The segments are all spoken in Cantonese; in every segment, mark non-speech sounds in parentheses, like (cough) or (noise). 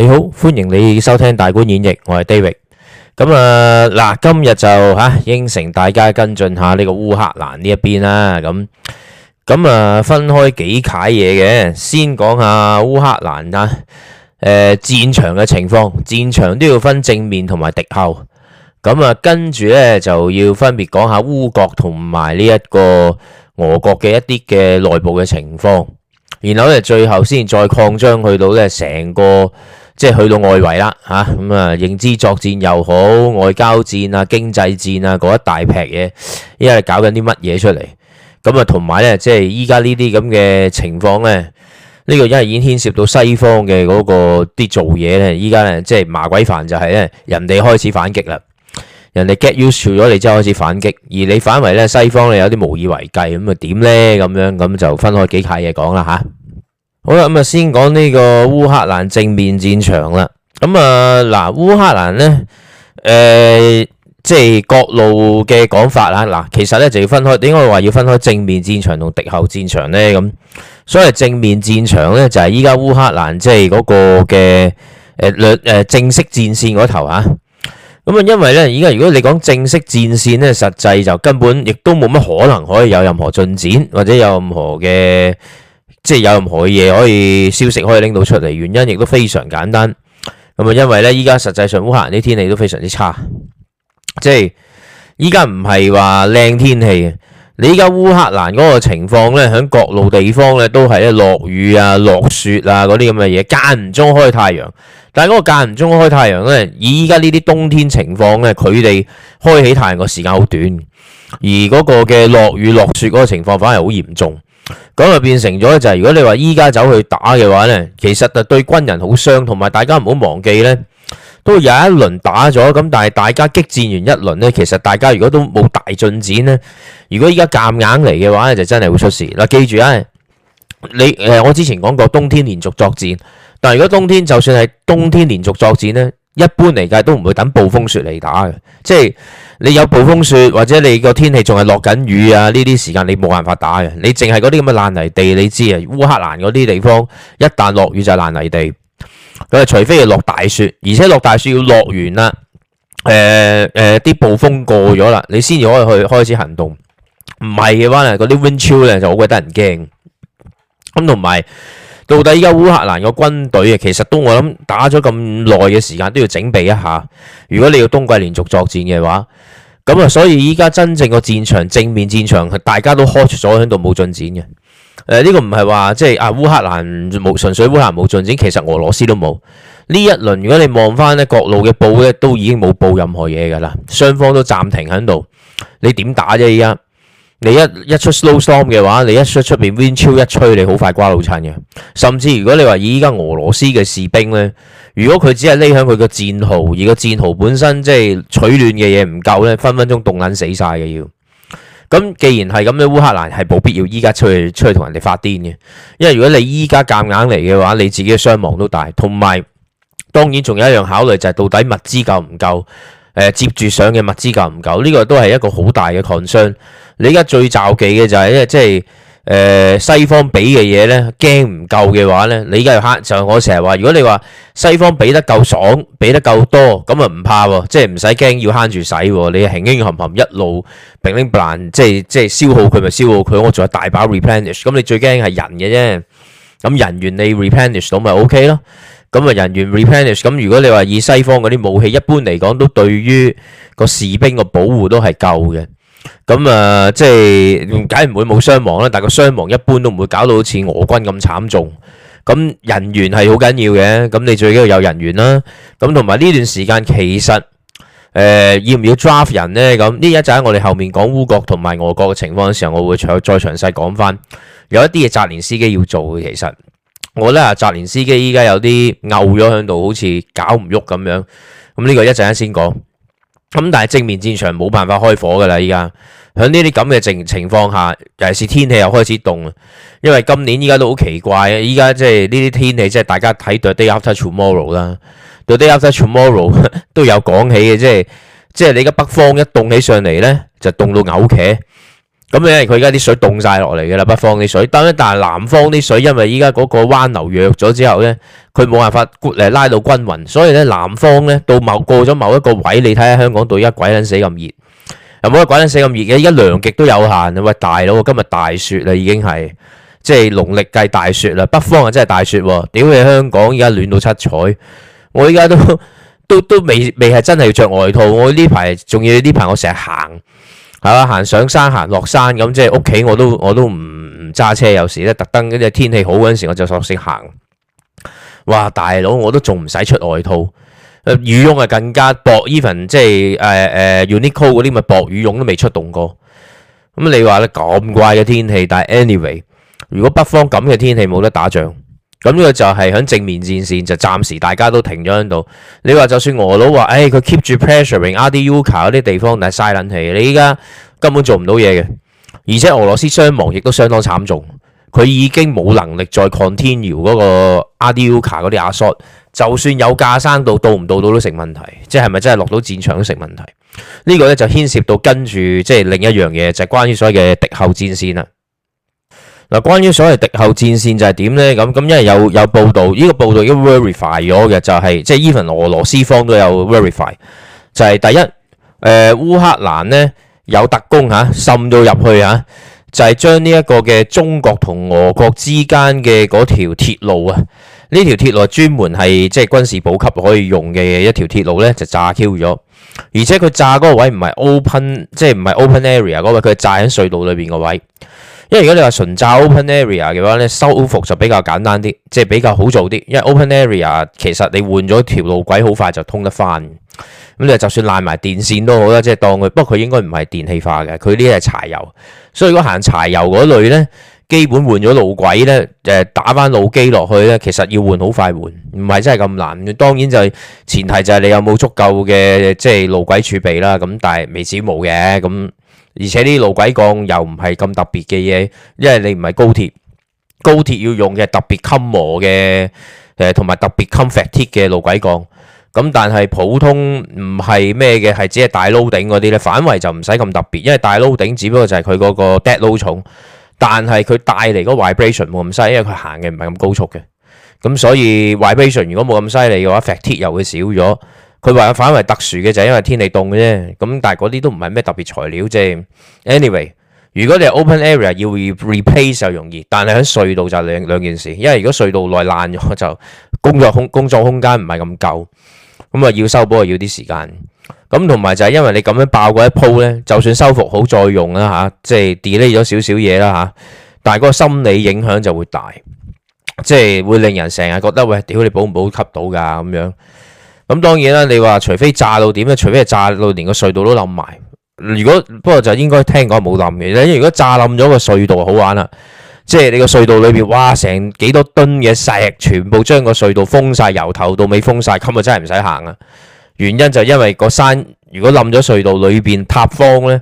你好，歡迎你收聽大觀演繹，我係 David。咁啊嗱。今日就吓應承大家跟進下呢個烏克蘭呢一邊啦。咁咁啊，分開幾楷嘢嘅，先講下烏克蘭啊。誒，戰場嘅情況，戰場都要分正面同埋敵後。咁啊，跟住咧就要分別講下烏國同埋呢一個俄國嘅一啲嘅內部嘅情況，然後咧最後先再擴張去到咧成個。即係去到外圍啦，嚇咁啊、嗯，認知作戰又好，外交戰啊、經濟戰啊嗰一大劈嘢，因為搞緊啲乜嘢出嚟？咁、嗯、啊，同埋咧，即係依家呢啲咁嘅情況咧，呢、這個因為已經牽涉到西方嘅嗰、那個啲做嘢咧，依家咧即係麻鬼煩，就係咧人哋開始反擊啦，人哋 get used to 咗你之後開始反擊，而你反為咧西方咧有啲無以為繼，咁啊點咧咁樣咁就分開幾塊嘢講啦嚇。啊好啦，咁啊，先講呢個烏克蘭正面戰場啦。咁啊，嗱、呃，烏克蘭咧，誒、呃，即係各路嘅講法啦。嗱、啊，其實咧就要分開，點解話要分開正面戰場同敵後戰場咧？咁，所謂正面戰場咧就係依家烏克蘭即係嗰個嘅誒、略、呃、誒，正式戰線嗰頭吓。咁啊，因為咧，依家如果你講正式戰線咧，實際就根本亦都冇乜可能可以有任何進展或者有任何嘅。即係有任何嘢，可以消息可以拎到出嚟，原因亦都非常簡單。咁啊，因為咧，依家實際上烏克蘭啲天氣都非常之差。即係依家唔係話靚天氣。你依家烏克蘭嗰個情況咧，喺各路地方咧都係咧落雨啊、落雪啊嗰啲咁嘅嘢，間唔中開太陽。但係嗰個間唔中開太陽咧，以依家呢啲冬天情況咧，佢哋開起太陽嘅時間好短，而嗰個嘅落雨落雪嗰個情況反而好嚴重。咁就變成咗就係如果你話依家走去打嘅話咧，其實就對軍人好傷，同埋大家唔好忘記咧，都有一輪打咗，咁但係大家激戰完一輪咧，其實大家如果都冇大進展咧，如果依家夾硬嚟嘅話咧，就真係會出事。嗱，記住啊，你誒，我之前講過冬天連續作戰，但係如果冬天就算係冬天連續作戰咧。一般嚟計都唔會等暴風雪嚟打嘅，即係你有暴風雪或者你個天氣仲係落緊雨啊，呢啲時間你冇辦法打嘅。你淨係嗰啲咁嘅爛泥地，你知啊，烏克蘭嗰啲地方一旦落雨就係爛泥地。佢係除非要落大雪，而且落大雪要落完啦，誒誒啲暴風過咗啦，你先至可以去開始行動。唔係嘅話，嗰啲 wind chill 咧就好鬼得人驚。咁同埋。到底依家烏克蘭個軍隊啊，其實都我諗打咗咁耐嘅時間都要整備一下。如果你要冬季連續作戰嘅話，咁啊，所以依家真正個戰場正面戰場係大家都開咗喺度冇進展嘅。誒，呢個唔係話即係啊烏克蘭冇純粹烏克蘭冇進展，其實俄羅斯都冇呢一輪。如果你望翻咧各路嘅報咧，都已經冇報任何嘢噶啦，雙方都暫停喺度，你點打啫依家？你一一出 snowstorm 嘅話，你一出出面 wind chill 一吹，你好快瓜老襯嘅。甚至如果你話以依家俄羅斯嘅士兵呢，如果佢只係匿響佢個戰壕，而個戰壕本身即係取暖嘅嘢唔夠呢，分分鐘凍撚死晒嘅要。咁既然係咁，烏克蘭係冇必要依家出去出去同人哋發癲嘅，因為如果你依家夾硬嚟嘅話，你自己嘅傷亡都大，同埋當然仲有一樣考慮就係到底物資夠唔夠。誒、呃、接住上嘅物資夠唔夠？呢、這個都係一個好大嘅 concern。你而家最罩忌嘅就係，因為即係誒西方俾嘅嘢咧，驚唔夠嘅話咧，你而家要慳。就我成日話，如果你話西方俾得夠爽，俾得夠多，咁啊唔怕喎，即係唔使驚要慳住使喎。你輕輕含含，一路平拎爛，即係即係消耗佢咪消耗佢。我仲有大把 replenish。咁你最驚係人嘅啫。咁人員你 replenish 到咪 OK 咯？咁啊，人員 replenish。咁如果你話以西方嗰啲武器，一般嚟講都對於個士兵個保護都係夠嘅。咁啊，即係，解唔會冇傷亡啦。但係個傷亡一般都唔會搞到好似俄軍咁慘重。咁人員係好緊要嘅。咁你最緊要有人員啦。咁同埋呢段時間其實，誒，要唔要 draft 人呢？咁呢一陣喺我哋後面講烏國同埋俄國嘅情況嘅時候，我會詳再詳細講翻。有一啲嘢澤連斯基要做嘅，其實。我咧啊，澤連司機依家有啲嘔咗喺度，好似搞唔喐咁樣。咁呢個一陣間先講。咁但係正面戰場冇辦法開火㗎啦，依家喺呢啲咁嘅情情況下，尤其是天氣又開始凍啊。因為今年依家都好奇怪啊，依家即係呢啲天氣即係大家睇到《The Day After Tomorrow》啦，《The Day After Tomorrow》都有講起嘅，即係即係你而家北方一凍起上嚟咧，就凍到嘔茄。咁因為，佢而家啲水凍晒落嚟嘅啦，北方啲水，但但係南方啲水，因為依家嗰個灣流弱咗之後咧，佢冇辦法呃嚟拉到均勻，所以咧南方咧到某過咗某一個位，你睇下香港到而家鬼撚死咁熱，又冇鬼撚死咁熱嘅，而家涼極都有限喂，大佬今日大雪啦，已經係即係農曆計大雪啦，北方啊真係大雪喎，屌你香港而家暖到七彩，我而家都都都未未係真係要著外套，我呢排仲要呢排我成日行，係啦，行上山行落山咁，即係屋企我都我都唔揸車，有時咧特登嗰隻天氣好嗰陣時，我就索性行。哇，大佬，我都仲唔使出外套，羽絨係更加薄，even 即係誒誒 Uniqlo 嗰啲咪薄羽絨都未出動過。咁你話咧咁怪嘅天氣，但係 anyway，如果北方咁嘅天氣冇得打仗。咁呢個就係響正面戰線，就暫時大家都停咗喺度。你話就算俄佬話，誒、哎，佢 keep 住 pressuring 阿迪烏卡嗰啲地方，但係嘥卵氣。你依家根本做唔到嘢嘅，而且俄羅斯傷亡亦都相當慘重。佢已經冇能力再 contain 嗰個阿迪烏卡嗰啲阿叔，就算有架生，到唔到到都成問題。即係咪真係落到戰場都成問題？呢、這個咧就牽涉到跟住即係另一樣嘢，就係、是、關於所謂嘅敵後戰線啦。嗱，關於所謂敵後戰線就係點咧？咁咁，因為有有報道，呢、這個報道已經 verify 咗嘅，就係、是、即係 even 俄羅斯方都有 verify，就係、是、第一，誒、呃，烏克蘭咧有特工嚇、啊、滲到入去嚇、啊，就係、是、將呢一個嘅中國同俄國之間嘅嗰條鐵路啊，呢條鐵路專門係即係軍事補給可以用嘅一條鐵路咧，就炸 Q 咗，而且佢炸嗰個位唔係 open，即係唔係 open area 嗰位，佢炸喺隧道裏邊個位。因為如果你話純炸 open area 嘅話咧，修復就比較簡單啲，即係比較好做啲。因為 open area 其實你換咗條路軌好快就通得翻。咁你就算賴埋電線都好啦，即係當佢。不過佢應該唔係電氣化嘅，佢呢啲係柴油。所以如果行柴油嗰類咧，基本換咗路軌咧，誒打翻路基落去咧，其實要換好快換，唔係真係咁難。當然就係前提就係你有冇足夠嘅即係路軌儲備啦。咁但係未至冇嘅咁。而且啲路軌鋼又唔係咁特別嘅嘢，因為你唔係高鐵，高鐵要用嘅係特別襟磨嘅，誒同埋特別 fatigue 嘅路軌鋼。咁但係普通唔係咩嘅，係只係大撈頂嗰啲咧，反為就唔使咁特別，因為大撈頂只不過就係佢嗰個 dead load 重，但係佢帶嚟個 vibration 冇咁犀，因為佢行嘅唔係咁高速嘅。咁所以 vibration 如果冇咁犀利嘅話，fatigue 又會少咗。佢話反為特殊嘅就係因為天氣凍嘅啫，咁但係嗰啲都唔係咩特別材料啫。Anyway，如果你係 open area，要 replace 就容易，但係喺隧道就兩兩件事，因為如果隧道內爛咗就工作空工作空間唔係咁夠，咁啊要修補啊要啲時間，咁同埋就係因為你咁樣爆過一鋪咧，就算修復好再用啦吓，即係 delay 咗少少嘢啦吓，但係嗰個心理影響就會大，即係會令人成日覺得喂，屌你補唔補吸到噶咁樣。咁當然啦，你話除非炸到點咧，除非炸到連個隧道都冧埋。如果不過就應該聽講冇冧嘅。因為如果炸冧咗個隧道好玩啦，即係你個隧道裏邊，哇成幾多噸嘅石全部將個隧道封晒，由頭到尾封晒。咁啊真係唔使行啊。原因就係因為個山如果冧咗隧道裏邊塌方咧。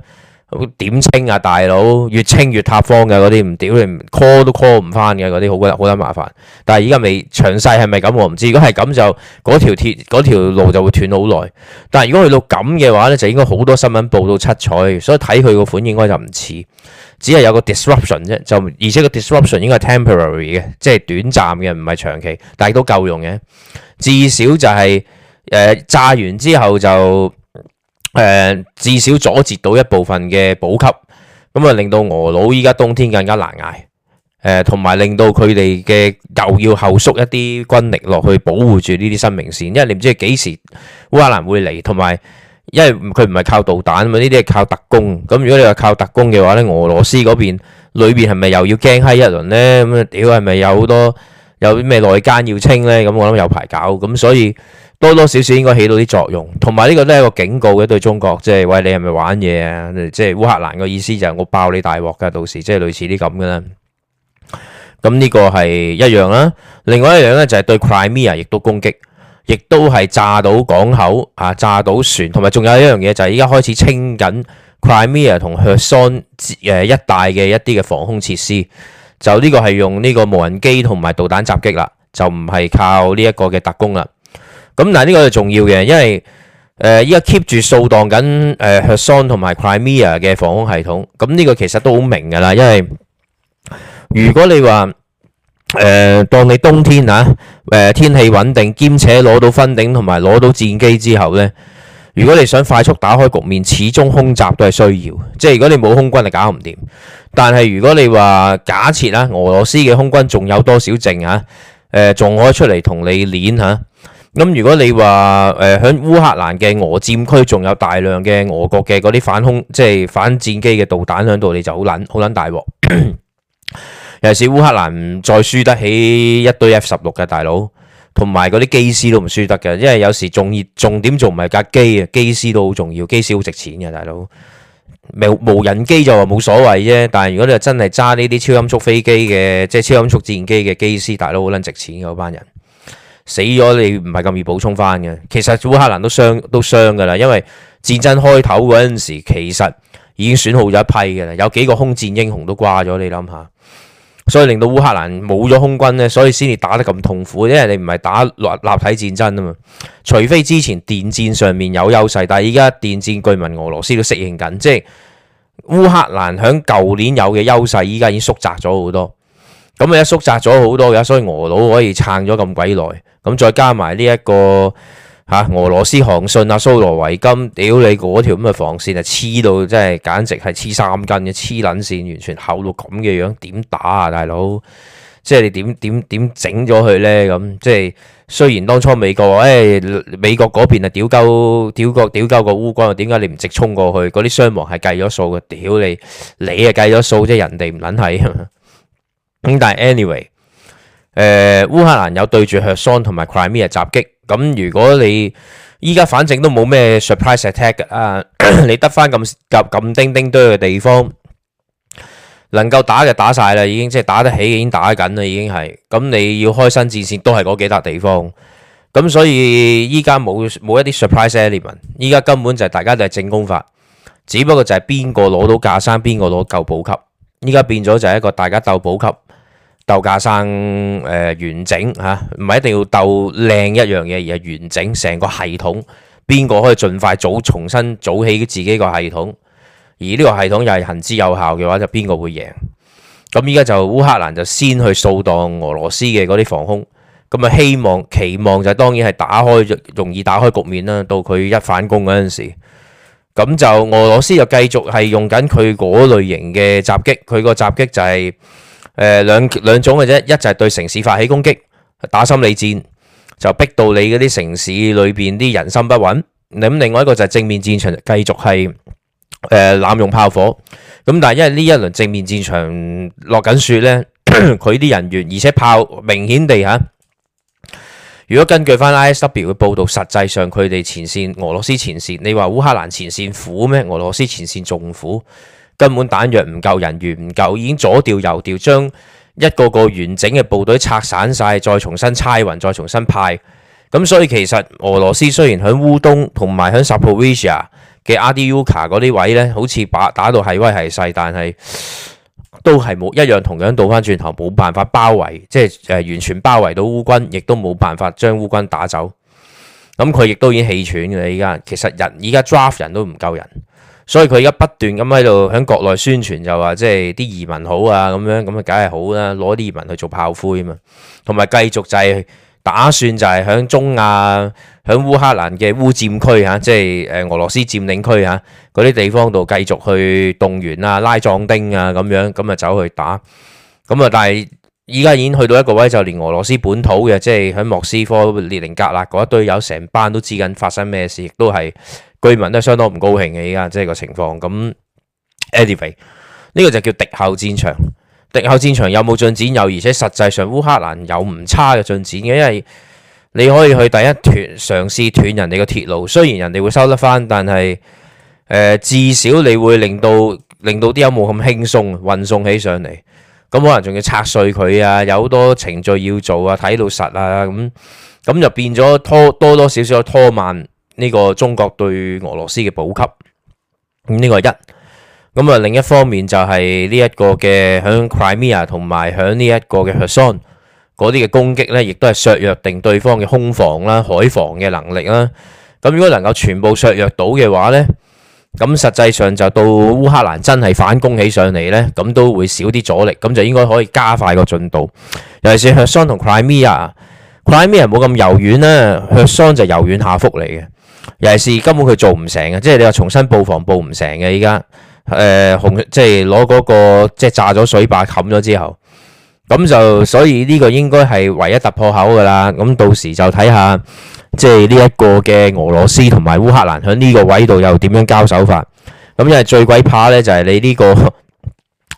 點清啊大佬，越清越塌方嘅嗰啲唔屌你 call 都 call 唔返嘅嗰啲，好鬼好得麻煩。但係而家未詳細係咪咁我唔知。如果係咁就嗰條鐵條路就會斷好耐。但係如果去到咁嘅話咧，就應該好多新聞報到七彩，所以睇佢個款應該就唔似，只係有個 disruption 啫。就而且個 disruption 應該係 temporary 嘅，即係短暫嘅，唔係長期，但係都夠用嘅。至少就係、是、誒、呃、炸完之後就。誒，至少阻截到一部分嘅補給，咁啊令到俄佬依家冬天更加難捱。誒，同埋令到佢哋嘅又要後縮一啲軍力落去保護住呢啲生命線，因為你唔知幾時烏克蘭會嚟，同埋因為佢唔係靠導彈，咁呢啲係靠特工。咁如果你話靠特工嘅話咧，俄羅斯嗰邊裏邊係咪又要驚閪一輪咧？咁啊屌，係咪有好多有啲咩內奸要清咧？咁我諗有排搞，咁所以。多多少少應該起到啲作用，同埋呢個都係一個警告嘅，對中國，即係喂，你係咪玩嘢啊？即係烏克蘭嘅意思就係我爆你大鑊噶，到時即係類似啲咁嘅啦。咁呢個係一樣啦。另外一樣咧，就係對 Crimea 亦都攻擊，亦都係炸到港口啊，炸到船，同埋仲有一樣嘢就係依家開始清緊 Crimea 同 Kherson 誒一帶嘅一啲嘅防空設施。就呢個係用呢個無人機同埋導彈襲擊啦，就唔係靠呢一個嘅特工啦。咁嗱，呢個就重要嘅，因為誒依家 keep 住掃蕩緊誒 Kherson 同埋 Crimea 嘅防空系統。咁呢個其實都好明噶啦，因為如果你話誒當你冬天啊，誒天氣穩定，兼且攞到分頂同埋攞到戰機之後咧，如果你想快速打開局面，始終空襲都係需要。即係如果你冇空軍，你搞唔掂。但係如果你話假設啦，俄羅斯嘅空軍仲有多少剩啊？誒，仲可以出嚟同你練吓？咁如果你話誒響烏克蘭嘅俄佔區，仲有大量嘅俄國嘅嗰啲反空即係、就是、反戰機嘅導彈喺度，你就好捻好捻大鑊。尤其是烏克蘭唔再輸得起一堆 F 十六嘅大佬，同埋嗰啲機師都唔輸得嘅，因為有時重點重點做唔係架機啊，機師都好重要，機師好值錢嘅大佬。無人機就話冇所謂啫，但係如果你真係揸呢啲超音速飛機嘅，即、就、係、是、超音速戰機嘅機師，大佬好捻值錢嘅嗰班人。死咗你唔係咁易補充翻嘅。其實烏克蘭都傷都傷噶啦，因為戰爭開頭嗰陣時，其實已經損耗咗一批嘅啦。有幾個空戰英雄都掛咗，你諗下，所以令到烏克蘭冇咗空軍呢，所以先至打得咁痛苦。因為你唔係打立立體戰爭啊嘛，除非之前電戰上面有優勢，但係而家電戰據聞俄羅斯都適應緊，即係烏克蘭響舊年有嘅優勢，依家已經縮窄咗好多。咁啊，一縮窄咗好多嘅，所以俄佬可以撐咗咁鬼耐。咁再加埋呢一個嚇、啊，俄羅斯韓信啊、蘇羅維金，屌你嗰條咁嘅防線啊，黐到真係簡直係黐三根嘅黐撚線，完全厚到咁嘅樣，樣、啊、樣，點打啊大佬？即係你點點點整咗佢呢？咁即係雖然當初美國誒、哎、美國嗰邊啊，屌鳩屌個屌鳩個烏軍啊，點解你唔直衝過去？嗰啲傷亡係計咗數嘅，屌你你啊計咗數，即係人哋唔撚係。咁但係 anyway。誒，烏、呃、克蘭有對住赫桑同埋 Crimea 襲擊，咁如果你依家反正都冇咩 surprise attack 嘅啊， (coughs) 你得翻咁夾咁釘釘堆嘅地方，能夠打就打晒啦，已經即係打得起已經打，已經打緊啦，已經係，咁你要開新戰線都係嗰幾笪地方，咁所以依家冇冇一啲 surprise element，依家根本就係大家就係正攻法，只不過就係邊個攞到架生，邊個攞夠補給，依家變咗就係一個大家鬥補給。鬥架生，誒，完整吓，唔係一定要鬥靚一樣嘢，而係完整成個系統。邊個可以盡快早重新組起自己個系統，而呢個系統又係行之有效嘅話，就邊個會贏？咁依家就烏克蘭就先去掃蕩俄羅斯嘅嗰啲防空，咁啊，希望期望就係當然係打開，容易打開局面啦。到佢一反攻嗰陣時，咁就俄羅斯就繼續係用緊佢嗰類型嘅襲擊，佢個襲擊就係、是。誒，兩兩種嘅啫，一就係對城市發起攻擊，打心理戰，就逼到你嗰啲城市裏邊啲人心不穩。咁另外一個就係正面戰場繼續係誒濫用炮火。咁但係因為呢一輪正面戰場落緊雪呢，佢啲 (coughs) 人員而且炮明顯地吓，如果根據翻 ISW 嘅報道，實際上佢哋前綫俄羅斯前綫，你話烏克蘭前綫苦咩？俄羅斯前綫仲苦。根本彈藥唔夠，人員唔夠，已經左調右調，將一個個完整嘅部隊拆散晒，再重新拆勻，再重新派。咁所以其實俄羅斯雖然響烏東同埋響 Zaporizhzhia 嘅 Avdiivka 嗰啲位呢，好似把打到係威係勢，但係都係冇一樣，同樣倒翻轉頭冇辦法包圍，即係誒完全包圍到烏軍，亦都冇辦法將烏軍打走。咁佢亦都已經氣喘嘅，依家其實人依家 draft 人都唔夠人。所以佢而家不斷咁喺度喺國內宣傳就話，即係啲移民好啊咁樣，咁啊梗係好啦，攞啲移民去做炮灰啊嘛，同埋繼續就係打算就係喺中亞、喺烏克蘭嘅烏佔區吓，即係誒俄羅斯佔領區吓嗰啲地方度繼續去動員啊、拉壯丁啊咁樣，咁啊走去打，咁啊但係依家已經去到一個位，就連俄羅斯本土嘅，即係喺莫斯科、列寧格勒嗰一堆有成班都知緊發生咩事，亦都係。居民都相當唔高興嘅，依家即係個情況。咁，anyway，呢個就叫敵後戰場。敵後戰場有冇進展？有，而且實際上烏克蘭有唔差嘅進展嘅，因為你可以去第一斷嘗試斷人哋嘅鐵路，雖然人哋會收得返，但係誒、呃、至少你會令到令到啲有冇咁輕鬆運送起上嚟。咁可能仲要拆碎佢啊，有好多程序要做啊，睇到實啊咁，咁就變咗拖多多少少少拖慢。呢個中國對俄羅斯嘅補給，咁呢個係一咁啊。另一方面就係呢一個嘅響 Crimea 同埋響呢一個嘅 Kherson 嗰啲嘅攻擊咧，亦都係削弱定對方嘅空防啦、海防嘅能力啦。咁如果能夠全部削弱到嘅話咧，咁實際上就到烏克蘭真係反攻起上嚟咧，咁都會少啲阻力，咁就應該可以加快個進度。尤其是 Kherson 同 Crimea，Crimea 冇咁柔軟啦，Kherson 就柔軟下腹嚟嘅。尤其是根本佢做唔成嘅，即係你話重新布防布唔成嘅，依家誒，紅即係攞嗰個即係炸咗水壩冚咗之後，咁就所以呢個應該係唯一突破口噶啦。咁到時就睇下即係呢一個嘅俄羅斯同埋烏克蘭喺呢個位度又點樣交手法。咁因為最鬼怕咧就係、是、你呢、呢個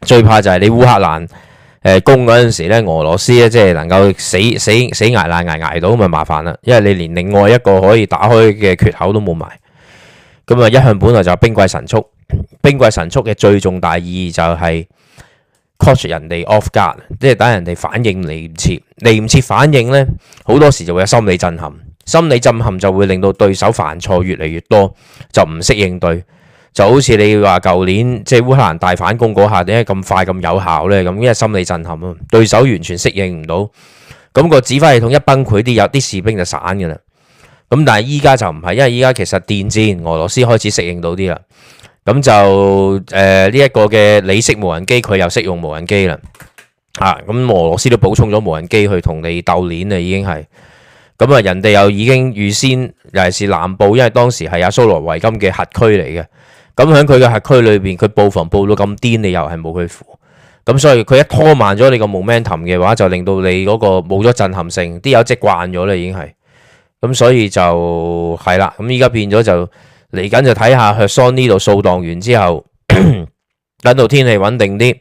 最怕就係你烏克蘭。誒，攻嗰陣時咧，俄羅斯咧即係能夠死死死挨難挨挨到咁咪麻煩啦，因為你連另外一個可以打開嘅缺口都冇埋，咁啊一向本來就係兵貴神速，兵貴神速嘅最重大意義就係 catch 人哋 off guard，即係等人哋反應嚟唔切，嚟唔切反應咧，好多時就會有心理震撼，心理震撼就會令到對手犯錯越嚟越多，就唔識應對。就好似你話舊年即係烏克蘭大反攻嗰下點解咁快咁有效呢？咁因為心理震撼啊，對手完全適應唔到，咁、那個指揮系統一崩潰啲，有啲士兵就散㗎喇。咁但係依家就唔係，因為依家其實電戰俄羅斯開始適應到啲啦。咁就誒呢一個嘅你識無人機，佢又識用無人機啦。吓、啊、咁俄羅斯都補充咗無人機去同你鬥鏈啊，已經係咁啊！人哋又已經預先尤其是南部，因為當時係阿蘇羅維金嘅核區嚟嘅。咁喺佢嘅轄區裏邊，佢布防布到咁癲，你又係冇佢扶咁，所以佢一拖慢咗你個 momentum 嘅話，就令到你嗰個冇咗震撼性。啲友即慣咗啦，已經係咁，所以就係啦。咁依家變咗就嚟緊就睇下赫桑呢度掃蕩完之後， (coughs) 等到天氣穩定啲，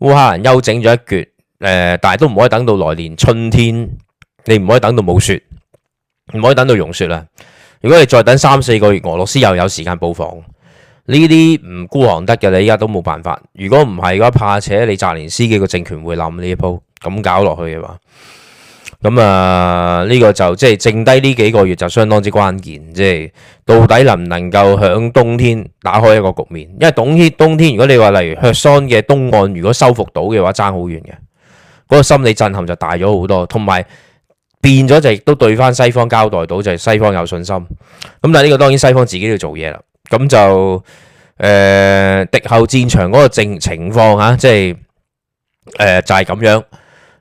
烏克蘭休整咗一橛。誒、呃，但係都唔可以等到來年春天，你唔可以等到冇雪，唔可以等到融雪啦。如果你再等三四個月，俄羅斯又有時間布防。呢啲唔孤寒得嘅，你依家都冇辦法。如果唔係嘅話，怕且你澤連斯基個政權會冧呢一鋪，咁搞落去嘅話，咁啊呢、這個就即係、就是、剩低呢幾個月就相當之關鍵，即、就、係、是、到底能唔能夠響冬天打開一個局面？因為冬天冬天，如果你話例如赫爾松嘅東岸如果收復到嘅話，差好遠嘅，嗰、那個心理震撼就大咗好多，同埋變咗就亦、是、都對翻西方交代到，就係、是、西方有信心。咁但係呢個當然西方自己要做嘢啦。咁就誒，敵後戰場嗰個情情況吓，即係誒就係咁樣。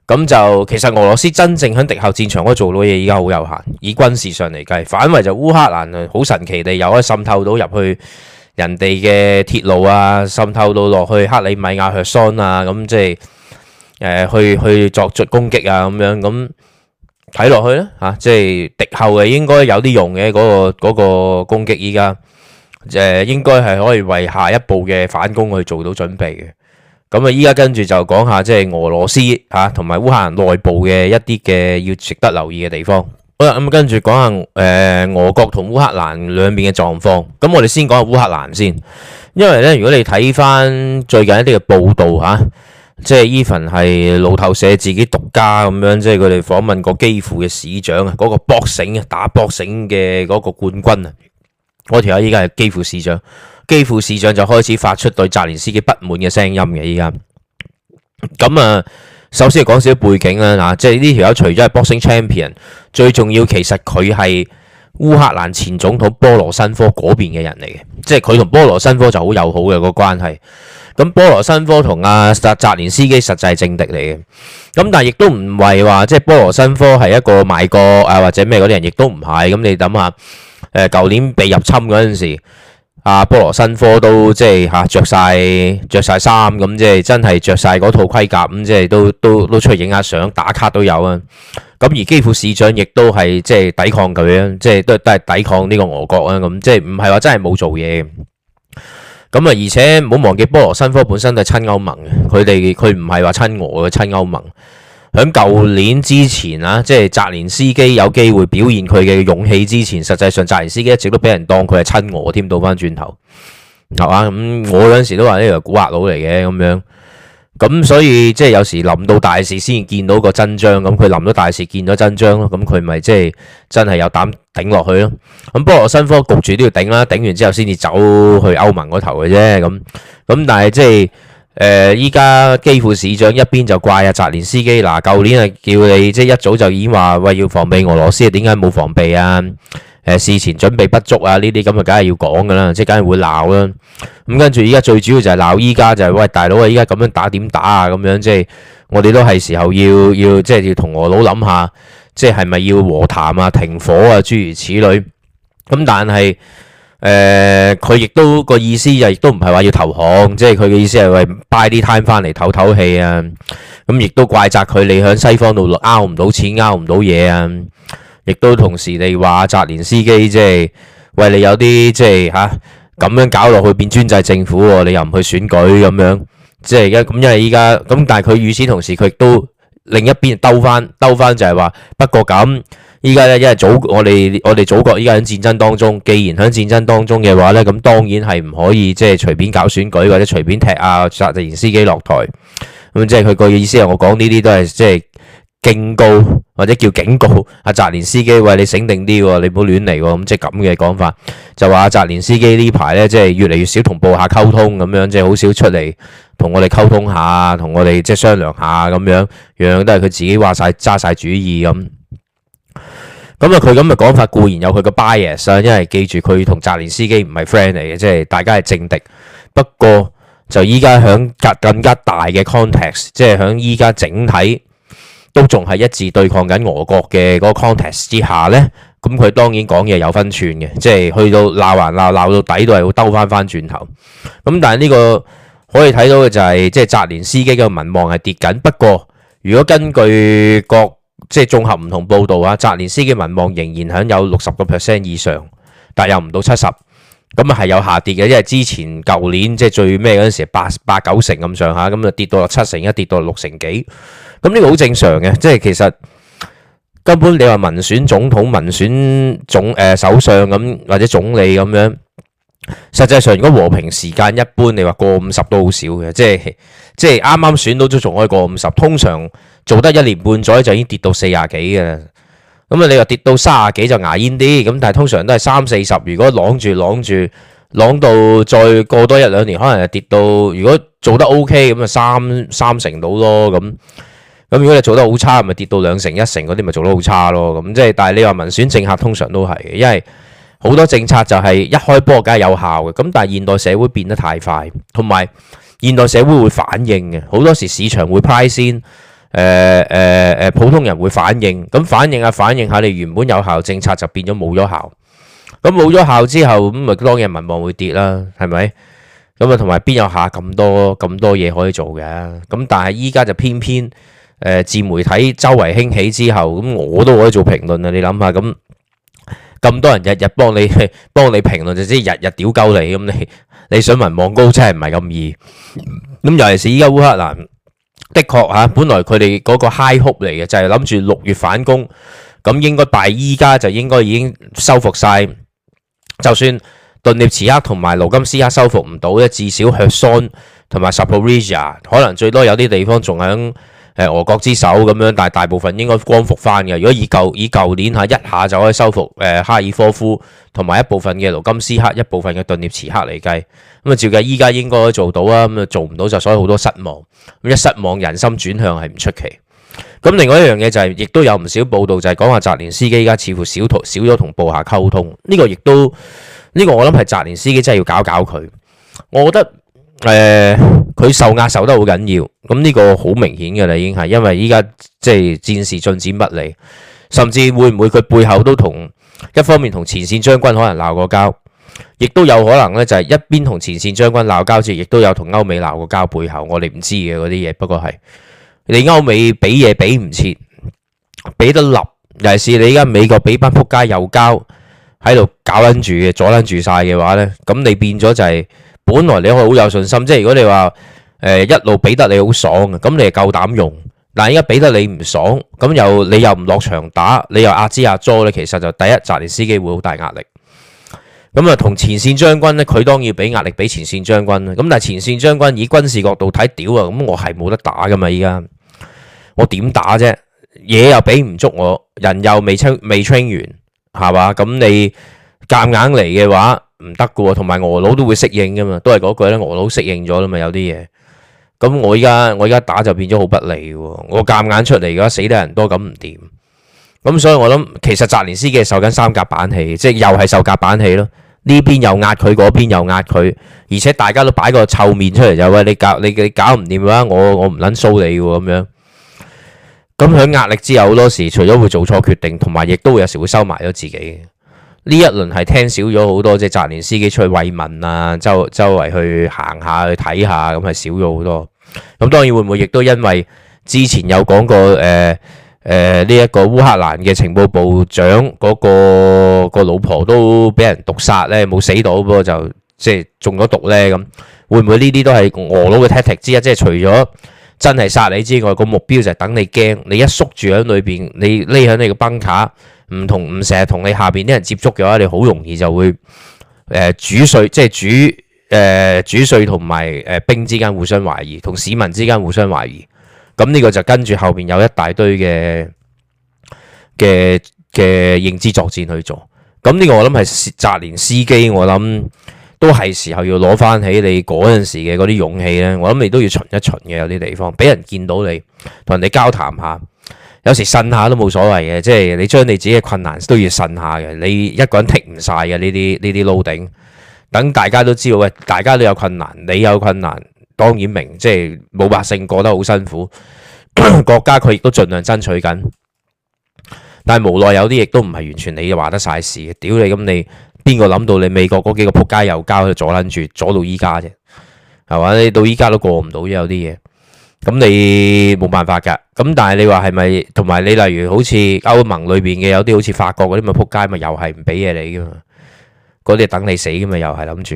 咁就其實俄羅斯真正喺敵後戰場嗰度做到嘢，依家好有限。以軍事上嚟計，反為就烏克蘭好神奇地，又可以滲透到入去人哋嘅鐵路啊，滲透到落去克里米亞、赫桑啊，咁即係誒去去作作攻擊啊，咁樣咁睇落去咧吓，即係敵後係應該有啲用嘅嗰個嗰個攻擊依家。誒應該係可以為下一步嘅反攻去做到準備嘅。咁啊，依家跟住就講下即係俄羅斯嚇同埋烏克蘭內部嘅一啲嘅要值得留意嘅地方。好啦，咁啊跟住講下誒俄國同烏克蘭兩邊嘅狀況。咁我哋先講下烏克蘭先，因為咧如果你睇翻最近一啲嘅報道嚇，即係 even 係路透社自己獨家咁樣，即係佢哋訪問過基輔嘅市長啊，嗰個 boxing 啊，打 boxing 嘅嗰個冠軍啊。我條友依家係基輔市長，基輔市長就開始發出對澤連斯基不滿嘅聲音嘅。依家咁啊，首先嚟講少背景啦，嗱，即係呢條友除咗係 boxing champion，最重要其實佢係烏克蘭前總統波羅申科嗰邊嘅人嚟嘅，即係佢同波羅申科就好友好嘅個關係。咁波羅申科同阿澤連斯基實際係政敵嚟嘅，咁但係亦都唔係話即係波羅申科係一個賣國啊或者咩嗰啲人，亦都唔係。咁你諗下。誒，舊年被入侵嗰陣時，阿波羅申科都即係吓着晒着晒衫咁，即係真係着晒嗰套盔甲，咁即係都都都出去影下相打卡都有啊。咁而基輔市長亦都係即係抵抗佢啊，即係都都係抵抗呢個俄國啊。咁即係唔係話真係冇做嘢。咁啊，而且唔好忘記波羅申科本身都係親歐盟嘅，佢哋佢唔係話親俄嘅，親歐盟。喺舊年之前啊，即係澤連斯基有機會表現佢嘅勇氣之前，實際上澤連斯基一直都俾人當佢係親俄，添。倒翻轉頭，係嘛，咁我嗰時都話呢條古惑佬嚟嘅咁樣。咁所以即係有時臨到大事先見到個真章。咁佢臨到大事見到真章咯，咁佢咪即係真係有膽頂落去咯。咁不過新科焗住都要頂啦，頂完之後先至走去歐盟嗰頭嘅啫。咁咁但係即係。誒，依家、呃、基輔市長一邊就怪阿、啊、澤連斯基。嗱、呃，舊年啊叫你即係一早就已經話喂，要防備俄羅斯啊，點解冇防備啊？誒、呃，事前準備不足啊，呢啲咁啊，梗係要講噶啦，即係梗係會鬧啦。咁跟住依家最主要就係鬧、就是，依家就係喂，大佬啊，依家咁樣打點打啊，咁樣即係我哋都係時候要要即係要同俄佬諗下，即係係咪要和談啊、停火啊諸如此類。咁但係。誒，佢亦、呃、都個意思就亦都唔係話要投降，即係佢嘅意思係喂 buy 啲 time 翻嚟唞唞氣啊，咁亦都怪責佢你響西方度拗唔到錢，拗唔到嘢啊，亦都同時你話澤連斯基即係為你有啲即係吓咁樣搞落去變專制政府，你又唔去選舉咁樣，即係而家，咁因為依家咁，但係佢與此同時佢亦都另一邊兜翻兜翻就係話不過咁。依家咧，因為祖我哋我哋祖國依家喺戰爭當中，既然喺戰爭當中嘅話咧，咁當然係唔可以即係隨便搞選舉或者隨便踢啊，澤連斯基落台咁、嗯，即係佢個意思係我講呢啲都係即係警告或者叫警告阿澤、啊、連斯基，喂，你醒定啲喎，你唔好亂嚟喎，咁、嗯、即係咁嘅講法就話阿澤連斯基呢排咧，即係越嚟越少同部下溝通咁樣，即係好少出嚟同我哋溝通下，同我哋即係商量下咁樣，樣樣，樣都係佢自己話晒揸晒主意咁。咁啊，佢咁嘅講法固然有佢個 bias 啊，因為記住佢同澤連斯基唔係 friend 嚟嘅，即係大家係政敵。不過就依家響更更加大嘅 context，即係響依家整體都仲係一致對抗緊俄國嘅嗰個 context 之下咧，咁佢當然講嘢有分寸嘅，即係去到鬧還鬧，鬧到底都係會兜翻翻轉頭。咁但係呢個可以睇到嘅就係，即係澤連斯基嘅民望係跌緊。不過如果根據各即係綜合唔同報道啊，澤連斯基嘅民望仍然享有六十個 percent 以上，但又唔到七十，咁啊係有下跌嘅，因為之前舊年即係最尾嗰陣時，八八九成咁上下，咁就跌到七成，一跌到六成幾，咁呢個好正常嘅，即係其實根本你話民選總統、民選總誒、呃、首相咁或者總理咁樣，實際上如果和平時間一般，你話過五十都好少嘅，即係即係啱啱選到都仲可以過五十，通常。做得一年半左右就已經跌到四十幾嘅，咁啊，你話跌到三十幾就牙煙啲咁，但係通常都係三四十。如果晾住晾住晾到再過多一兩年，可能係跌到。如果做得 OK 咁啊，三三成到咯咁。咁如果你做得好差，咪跌到兩成一成嗰啲咪做得好差咯。咁即係，但係你話民選政客通常都係，因為好多政策就係一開波梗係有效嘅。咁但係現代社會變得太快，同埋現代社會會反應嘅好多時市場會 price 先。誒誒誒，普通人會反應，咁反應下、啊、反應下，你原本有效政策就變咗冇咗效，咁冇咗效之後，咁咪當然民望會跌啦，係咪？咁啊，同埋邊有下咁多咁多嘢可以做嘅？咁但係依家就偏偏誒、呃、自媒體周圍興起之後，咁我都可以做評論啊！你諗下，咁咁多人日日幫你幫你評論，就即係日日屌鳩你，咁你你想民望高真係唔係咁易。咁尤其是依家烏克蘭。的確吓，本來佢哋嗰個 high hope 嚟嘅，就係諗住六月反攻，咁應該大係依家就應該已經收復晒。就算頓涅茨克同埋勞金斯克收復唔到咧，至少 Kherson 同埋 Zaporizhzhia 可能最多有啲地方仲響。誒，俄國之首咁樣，但係大部分應該光復翻嘅。如果以舊以舊年吓一,一下就可以收復誒，哈爾科夫同埋一部分嘅盧金斯克、一部分嘅頓涅茨克嚟計，咁啊照計依家應該都做到啊。咁啊做唔到就所以好多失望。咁一失望人心轉向係唔出奇。咁另外一樣嘢就係、是，亦都有唔少報道就係講話澤連斯基而家似乎少少咗同部下溝通。呢、這個亦都呢、這個我諗係澤連斯基真係要搞搞佢。我覺得。誒，佢、呃、受壓受得好緊要，咁、這、呢個好明顯嘅啦，已經係因為依家即係戰事進展不利，甚至會唔會佢背後都同一方面同前線將軍可能鬧過交，亦都有可能呢，就係一邊同前線將軍鬧交住，亦都有同歐美鬧過交，背後我，我哋唔知嘅嗰啲嘢。不過係你歐美俾嘢俾唔切，俾得立，尤其是你而家美國俾班撲街右膠喺度搞撚住嘅，阻撚住晒嘅話呢，咁你變咗就係、是。本來你可以好有信心，即係如果你話誒、呃、一路俾得你好爽啊，咁你係夠膽用。但係而家俾得你唔爽，咁又你又唔落場打，你又壓支壓咗咧，其實就第一，澤連斯基會好大壓力。咁啊，同前線將軍咧，佢當然要俾壓力俾前線將軍啦。咁但係前線將軍以軍事角度睇，屌啊，咁我係冇得打噶嘛，依家我點打啫？嘢又俾唔足我，人又未清未清完，係嘛？咁你夾硬嚟嘅話。唔得嘅喎，同埋俄佬都會適應噶嘛，都係嗰句咧，俄佬適應咗啦嘛，有啲嘢。咁我依家我依家打就變咗好不利喎，我夾硬出嚟嘅話死得人多，咁唔掂。咁所以我諗，其實澤連斯基係受緊三甲板氣，即係又係受夾板氣咯。呢邊又壓佢，嗰邊又壓佢，而且大家都擺個臭面出嚟就，喂，你搞你你搞唔掂嘅話，我我唔撚騷你喎咁樣。咁喺壓力之後，好多時除咗會做錯決定，同埋亦都會有時會收埋咗自己。呢一輪係聽少咗好多，即係澤連司機出去慰問啊，周周圍去行下，去睇下，咁係少咗好多。咁當然會唔會亦都因為之前有講過，誒誒呢一個烏克蘭嘅情報部長嗰、嗰個、嗰個老婆都俾人毒殺咧，冇死到，喎不過就即係中咗毒咧。咁會唔會呢啲都係俄佬嘅 tactic 之一？即係除咗真係殺你之外，個目標就係等你驚，你一縮住喺裏邊，你匿喺你個 bunker。唔同，唔成日同你下邊啲人接觸嘅話，你好容易就會誒主帥，即係主誒、呃、主帥同埋誒兵之間互相懷疑，同市民之間互相懷疑。咁呢個就跟住後邊有一大堆嘅嘅嘅認知作戰去做。咁呢個我諗係澤連斯基，我諗都係時候要攞翻起你嗰陣時嘅嗰啲勇氣咧。我諗你都要巡一巡嘅，有啲地方俾人見到你同人哋交談下。有時呻下都冇所謂嘅，即係你將你自己嘅困難都要呻下嘅。你一個人踢唔晒嘅呢啲呢啲撈頂，等大家都知道，喂，大家都有困難，你有困難，當然明，即係老百姓過得好辛苦， (coughs) 國家佢亦都盡量爭取緊，但係無奈有啲亦都唔係完全你話得晒事嘅。屌 (coughs) 你咁你邊個諗到你美國嗰幾個仆街又交喺度阻撚住，阻到依家啫，係嘛？你到依家都過唔到有啲嘢。咁你冇辦法噶，咁但係你話係咪，同埋你例如好似歐盟裏邊嘅有啲好似法國嗰啲咪撲街，咪又係唔俾嘢你噶嘛？嗰啲等你死噶嘛，又係諗住，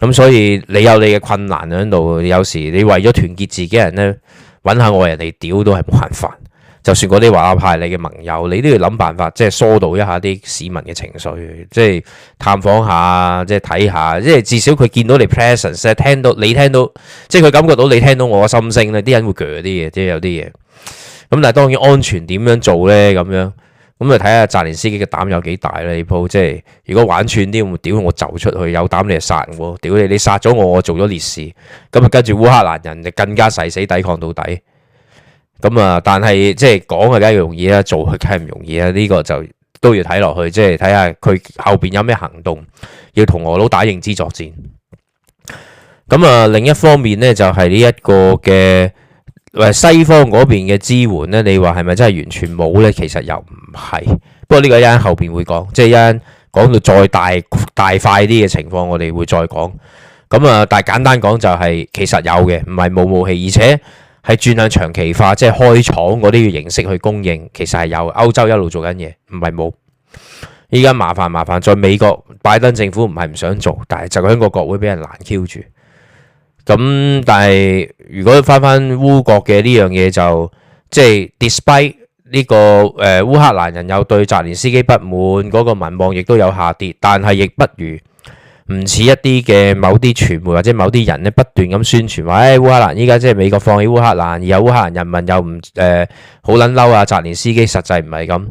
咁所以你有你嘅困難喺度，有時你為咗團結自己人呢，揾下外人嚟，屌都係冇辦法。就算嗰啲華派你嘅盟友，你都要諗辦法，即係疏導一下啲市民嘅情緒，即係探訪下，即係睇下，即係至少佢見到你 presence，聽到你聽到，即係佢感覺到你聽到我嘅心聲咧，啲人會鋸啲嘢，即係有啲嘢。咁但係當然安全點樣做咧？咁樣咁啊，睇下澤連斯基嘅膽有幾大啦？呢鋪即係如果玩串啲，我屌我走出去，有膽你就殺我，屌你你殺咗我，我做咗烈士。咁啊，跟住烏克蘭人就更加誓死抵抗到底。咁啊，但係即係講啊，梗係容易啦，做佢梗係唔容易啦。呢、這個就都要睇落去，即係睇下佢後邊有咩行動要同俄佬打認知作戰。咁啊，另一方面呢，就係呢一個嘅，誒，西方嗰邊嘅支援咧，你話係咪真係完全冇呢？其實又唔係。不過呢個一陣後邊會講，即係一陣講到再大大快啲嘅情況，我哋會再講。咁啊，但係簡單講就係、是，其實有嘅，唔係冇武器，而且。係轉向長期化，即係開廠嗰啲嘅形式去供應，其實係有歐洲一路做緊嘢，唔係冇。依家麻煩麻煩，在美國拜登政府唔係唔想做，但係就是響個國會俾人攔 Q 住咁。但係如果翻翻烏國嘅呢樣嘢，就即、是、係 despite 呢、這個誒，烏、呃、克蘭人有對澤連斯基不滿，嗰、那個民望亦都有下跌，但係亦不如。唔似一啲嘅某啲傳媒或者某啲人咧，不斷咁宣傳話，誒、哎，烏克蘭依家即係美國放棄烏克蘭，而有烏克蘭人民又唔誒好撚嬲啊，澤連斯基實際唔係咁。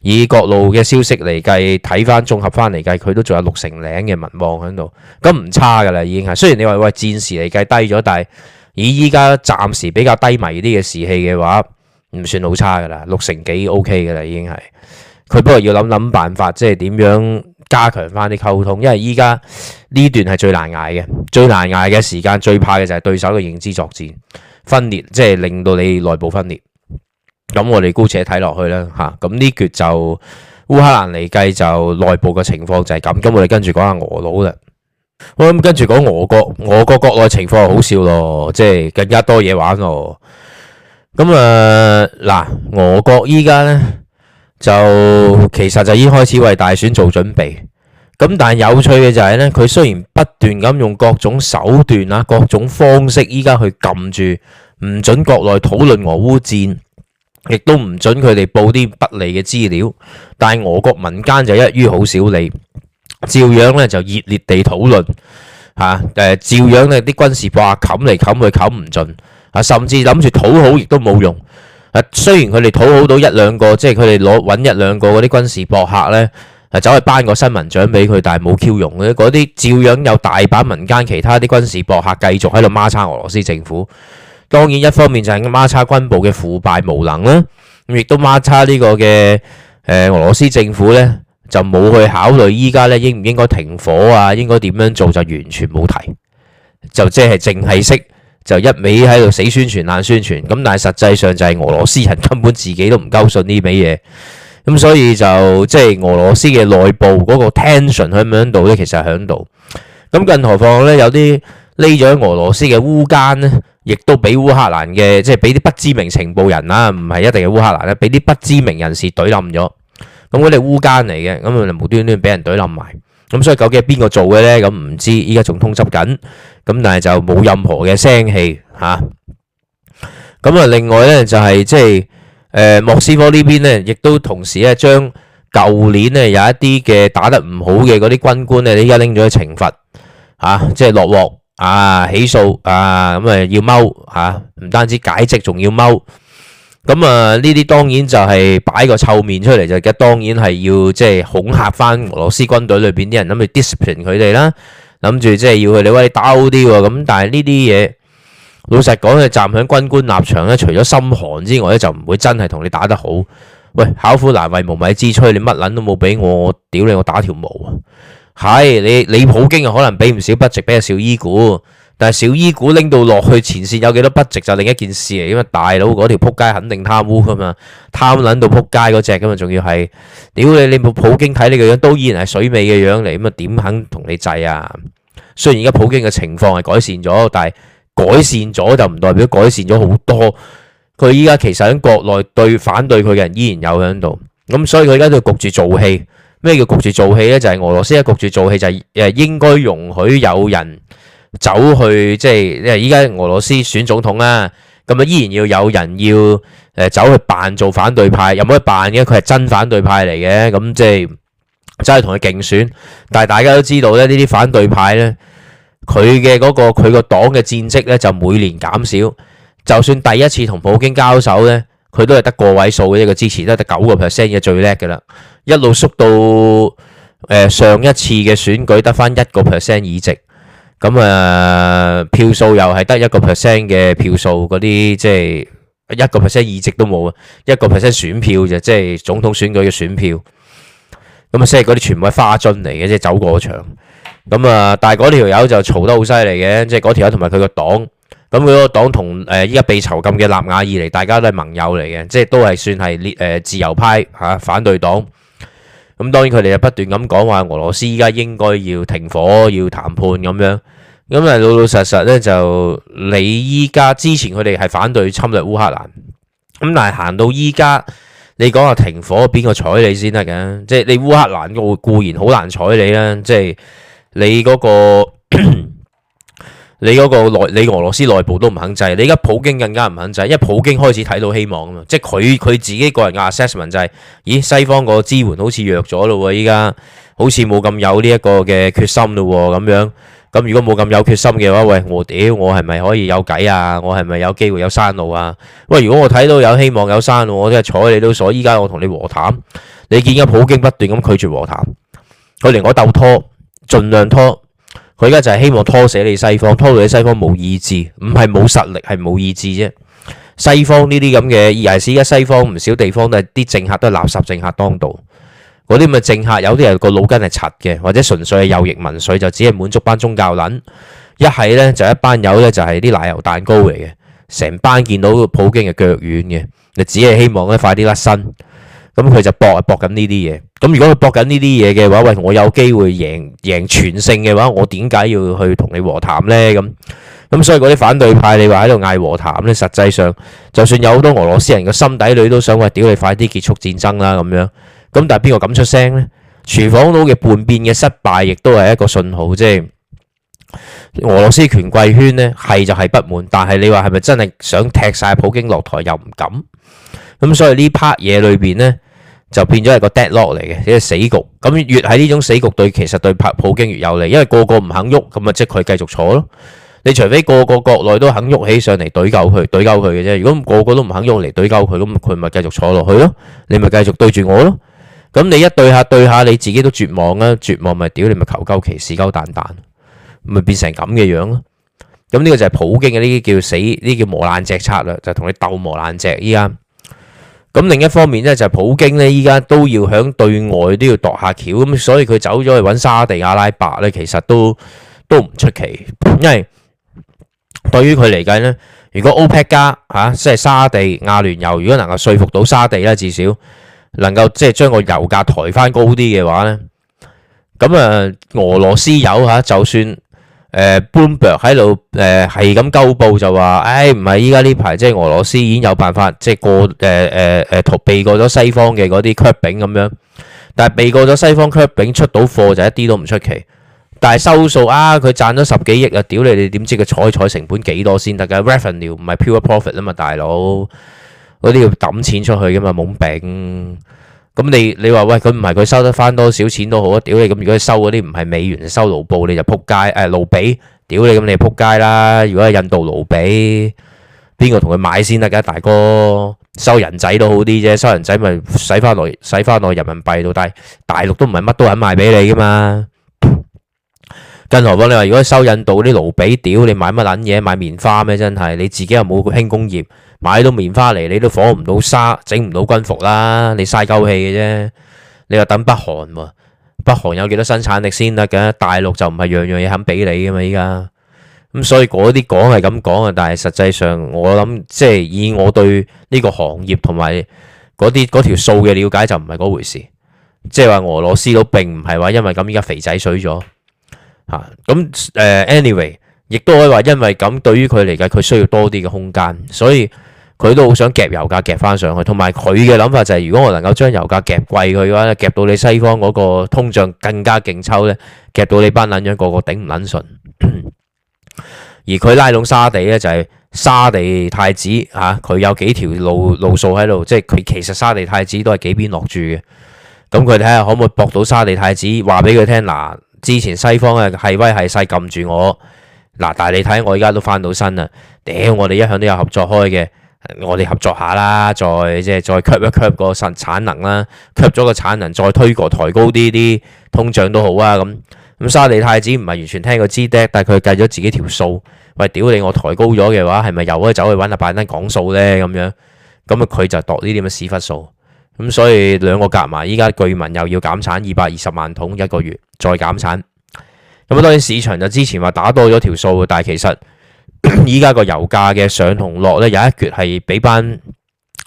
以各路嘅消息嚟計，睇翻綜合翻嚟計，佢都仲有六成零嘅民望喺度，咁唔差噶啦，已經係。雖然你話喂戰時嚟計低咗，但係以依家暫時比較低迷啲嘅士氣嘅話，唔算好差噶啦，六成幾 OK 噶啦，已經係。佢不過要諗諗辦法，即係點樣。加強翻啲溝通，因為依家呢段係最難捱嘅，最難捱嘅時間，最怕嘅就係對手嘅認知作戰分裂，即係令到你內部分裂。咁我哋姑且睇落去啦，吓、啊。咁呢橛就烏克蘭嚟計就內部嘅情況就係咁。咁我哋跟住講下俄佬啦。我咁跟住講俄國，俄國國內情況就好笑咯，即係更加多嘢玩咯。咁啊嗱，俄國依家呢。就其實就已經開始為大選做準備，咁但係有趣嘅就係呢，佢雖然不斷咁用各種手段啊、各種方式，依家去撳住唔准國內討論俄烏戰，亦都唔准佢哋報啲不利嘅資料，但係俄國民間就一於好少理，照樣咧就熱烈地討論，吓、啊、誒、呃，照樣呢啲軍事話冚嚟冚去冚唔盡，啊，甚至諗住討好亦都冇用。啊，雖然佢哋討好到一兩個，即係佢哋攞搵一兩個嗰啲軍事博客呢，走去頒個新聞獎俾佢，但係冇 Q 用嘅，嗰啲照樣有大把民間其他啲軍事博客繼續喺度孖叉俄羅斯政府。當然，一方面就係孖叉軍部嘅腐敗無能啦，亦都孖叉呢個嘅誒俄羅斯政府呢，就冇去考慮依家呢，應唔應該停火啊，應該點樣做就完全冇提，就即係淨係識。就一味喺度死宣傳、爛宣傳，咁但係實際上就係俄羅斯人根本自己都唔夠信呢味嘢，咁所以就即係俄羅斯嘅內部嗰個 tension 響唔響度咧，其實係響度。咁更何況咧，有啲匿咗喺俄羅斯嘅烏奸咧，亦都俾烏克蘭嘅，即係俾啲不知名情報人啦，唔係一定係烏克蘭咧，俾啲不知名人士懟冧咗。咁佢哋烏奸嚟嘅，咁佢哋無端端俾人懟冧埋。咁所以究竟係邊個做嘅咧？咁唔知依家仲通緝緊。咁但係就冇任何嘅聲氣嚇。咁啊，另外咧就係即係誒莫斯科呢邊咧，亦都同時咧將舊年咧有一啲嘅打得唔好嘅嗰啲軍官咧，依家拎咗懲罰嚇，即係落鑊啊、起訴啊，咁啊要踎嚇，唔單止解職，仲要踎。咁啊，呢啲當然就係擺個臭面出嚟就，而家當然係要即係恐嚇翻俄羅斯軍隊裏邊啲人，諗住 discipline 佢哋啦。諗住即係要去，你喂，你打好啲喎，咁但係呢啲嘢，老實講，佢站喺軍官立場咧，除咗心寒之外咧，就唔會真係同你打得好。喂，巧婦難為無米之炊，你乜捻都冇俾我，我屌你，我打條毛啊！係你你普京啊，可能俾唔少 budget 俾紹伊古。但係小醫股拎到落去前線有幾多 budget 就另一件事嚟，因為大佬嗰條撲街肯定貪污噶嘛，貪撚到撲街嗰隻噶嘛，仲要係屌你你冇普京睇你個樣都依然係水尾嘅樣嚟，咁啊點肯同你制啊？雖然而家普京嘅情況係改善咗，但係改善咗就唔代表改善咗好多。佢依家其實喺國內對反對佢嘅人依然有喺度，咁所以佢依家就焗住做戲。咩叫焗住做戲咧？就係俄羅斯啊，焗住做戲就係誒應該容許有人。走去即係，因為依家俄羅斯選總統啦，咁啊依然要有人要誒走去扮做反對派，有冇得扮嘅？佢係真反對派嚟嘅，咁即係真係同佢競選。但係大家都知道咧，呢啲反對派咧，佢嘅嗰個佢個黨嘅戰績咧就每年減少。就算第一次同普京交手咧，佢都係得個位數嘅一個支持，都係得九個 percent 嘅，最叻嘅啦，一路縮到誒上一次嘅選舉得返一個 percent 議席。咁啊，票數又係得一個 percent 嘅票數，嗰啲即係一個 percent 議席都冇啊，一個 percent 選票就即、是、係總統選舉嘅選票，咁啊，即係嗰啲全部係花樽嚟嘅，即、就、係、是、走過場。咁啊，但係嗰條友就嘈得好犀利嘅，即係嗰條友同埋佢個黨，咁佢個黨同誒依家被囚禁嘅納瓦爾尼，大家都係盟友嚟嘅，即、就、係、是、都係算係列誒自由派吓、啊、反對黨。咁當然佢哋就不斷咁講話俄羅斯依家應該要停火、要談判咁樣，咁啊，老老實實咧就你依家之前佢哋係反對侵略烏克蘭，咁但係行到依家你講話停火，邊個睬你先得㗎？即係你烏克蘭個固然好難睬你啦，即係你嗰個。 (coughs) 你嗰個內，你俄羅斯內部都唔肯制，你而家普京更加唔肯制，因為普京開始睇到希望啊！即係佢佢自己個人嘅 assessment 就係、是：咦，西方個支援好似弱咗咯喎，依家好似冇咁有呢一個嘅決心咯喎咁樣。咁如果冇咁有，有決心嘅話，喂，我屌、哎、我係咪可以有計啊？我係咪有機會有生路啊？喂，如果我睇到有希望有生路，我都係睬你都傻。依家我同你和談，你見嘅普京不斷咁拒絕和談，佢寧可鬥拖，盡量拖。佢而家就係希望拖死你西方，拖到你西方冇意志，唔係冇實力，係冇意志啫。西方呢啲咁嘅意思，而家西方唔少地方都係啲政客都係垃圾政客當道，嗰啲咪政客有啲人個腦筋係柒嘅，或者純粹係右翼民粹就只係滿足班宗教捻，一係咧就一班友咧就係啲奶油蛋糕嚟嘅，成班見到普京嘅腳軟嘅，你只係希望咧快啲甩身。咁佢就搏啊，搏緊呢啲嘢。咁如果佢搏緊呢啲嘢嘅話，喂，我有機會贏贏全勝嘅話，我點解要去同你和談呢？咁咁，所以嗰啲反對派，你話喺度嗌和談咧，實際上就算有好多俄羅斯人嘅心底裏都想話，屌你快啲結束戰爭啦咁樣。咁但係邊個敢出聲呢？廚房佬嘅叛變嘅失敗，亦都係一個信號，啫。俄羅斯權貴圈呢，係就係不滿，但係你話係咪真係想踢晒普京落台又唔敢？咁所以呢 part 嘢裏邊呢。就變咗係個 deadlock 嚟嘅，一個死局。咁越喺呢種死局對，其實對派普京越有利，因為個個唔肯喐，咁咪即係佢繼續坐咯。你除非個個國內都肯喐起上嚟懟救佢，懟救佢嘅啫。如果個個都唔肯喐嚟懟救佢，咁佢咪繼續坐落去咯。你咪繼續對住我咯。咁你一對一下對下，你自己都絕望啦，絕望咪屌你咪求救，其士鳩蛋蛋，咪變成咁嘅樣咯。咁呢個就係普京嘅呢啲叫死，呢叫磨爛只策略，就同你鬥磨爛只。依家。咁另一方面咧，就普京咧，依家都要響對外都要度下橋，咁所以佢走咗去揾沙地阿拉伯咧，其實都都唔出奇，因為對於佢嚟計咧，如果 OPEC 加嚇，即係沙地阿聯酋，如果能夠說服到沙地咧，至少能夠即係將個油價抬翻高啲嘅話咧，咁啊，俄羅斯油嚇就算。誒，Bloomberg 喺度，誒係咁勾報就話，誒唔係依家呢排即係俄羅斯已經有辦法即係過，誒誒誒逃避過咗西方嘅嗰啲 cut 餅咁樣，但係避過咗西方 cut 餅出到貨就一啲都唔出奇，但係收數啊，佢賺咗十幾億啊，屌你哋點知佢採採成本幾多先得噶？Revenue 唔係 pure profit 啊嘛，大佬嗰啲要抌錢出去噶嘛，懵餅。咁你你話喂，佢唔係佢收得翻多少錢都好啊，屌你咁如果收嗰啲唔係美元收盧布你就扑街，誒盧比，屌你咁你扑街啦！如果係印度盧比，邊個同佢買先得噶大哥？收人仔都好啲啫，收人仔咪使翻落使翻落人民幣度，但係大陸都唔係乜都肯賣俾你噶嘛，更何況你話如果收印度啲盧比，屌你買乜撚嘢？買棉花咩真係？你自己又冇個輕工業。買到棉花嚟，你都紡唔到紗，整唔到軍服啦，你晒夠氣嘅啫。你話等北韓，北韓有幾多生產力先得噶？大陸就唔係樣樣嘢肯俾你噶嘛？依家咁所以嗰啲講係咁講啊，但係實際上我諗即係以我對呢個行業同埋嗰啲嗰條數嘅了解就唔係嗰回事，即係話俄羅斯都並唔係話因為咁依家肥仔水咗吓咁誒，anyway，亦都可以話因為咁對於佢嚟講，佢需要多啲嘅空間，所以。佢都好想夾油價夾翻上去，同埋佢嘅諗法就係、是，如果我能夠將油價夾貴佢嘅話咧，夾到你西方嗰個通脹更加勁抽咧，夾到你班撚樣個個頂唔撚順。而佢拉攏沙地呢，就係、是、沙地太子嚇，佢、啊、有幾條路路數喺度，即係佢其實沙地太子都係幾邊落住嘅。咁佢睇下可唔可以駁到沙地太子，話俾佢聽嗱，之前西方啊係威係勢撳住我嗱、啊，但係你睇我而家都翻到身啦，屌、呃、我哋一向都有合作開嘅。我哋合作下啦，再即係再 cap 一 cap 個產能啦，cap 咗個產能再推過抬高啲啲通脹都好啊，咁。咁沙地太子唔係完全聽個知爹，但係佢計咗自己條數。喂，屌你，我抬高咗嘅話，係咪又可以走去搵阿拜登講數呢？咁樣咁啊，佢就度呢啲咁嘅屎忽數。咁所以兩個夾埋，依家據聞又要減產二百二十萬桶一個月，再減產。咁啊，當然市場就之前話打多咗條數，但係其實。依家個油價嘅上同落咧，有一橛係俾班誒、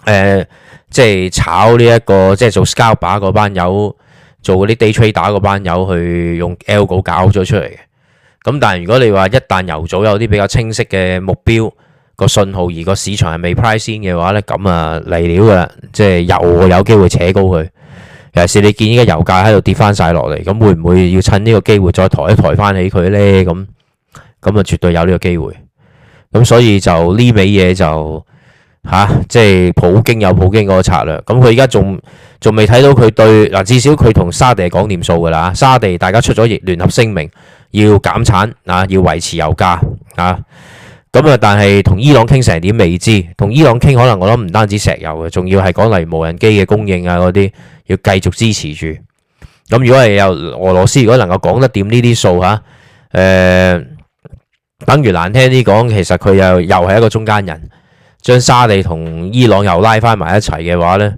呃，即係炒呢、這、一個即係做 scalper 嗰班友，做嗰啲 day trade 打嗰班友去用 algo 搞咗出嚟嘅。咁但係如果你話一旦油組有啲比較清晰嘅目標個信號，而個市場係未 pricing 嘅話咧，咁啊嚟料噶，即係油會有機會扯高佢。尤其是你見依家油價喺度跌翻晒落嚟，咁會唔會要趁呢個機會再抬一抬翻起佢咧？咁咁啊，絕對有呢個機會。咁所以就呢味嘢就嚇，即係普京有普京嗰個策略。咁佢依家仲仲未睇到佢對嗱，至少佢同沙地講掂數㗎啦。沙地大家出咗協聯合聲明，要減產啊，要維持油價啊。咁啊，但係同伊朗傾成點未知。同伊朗傾可能我諗唔單止石油嘅，仲要係講例如無人機嘅供應啊嗰啲，要繼續支持住。咁如果係有俄羅斯，如果能夠講得掂呢啲數嚇，誒。等於難聽啲講，其實佢又又係一個中間人，將沙地同伊朗又拉翻埋一齊嘅話呢，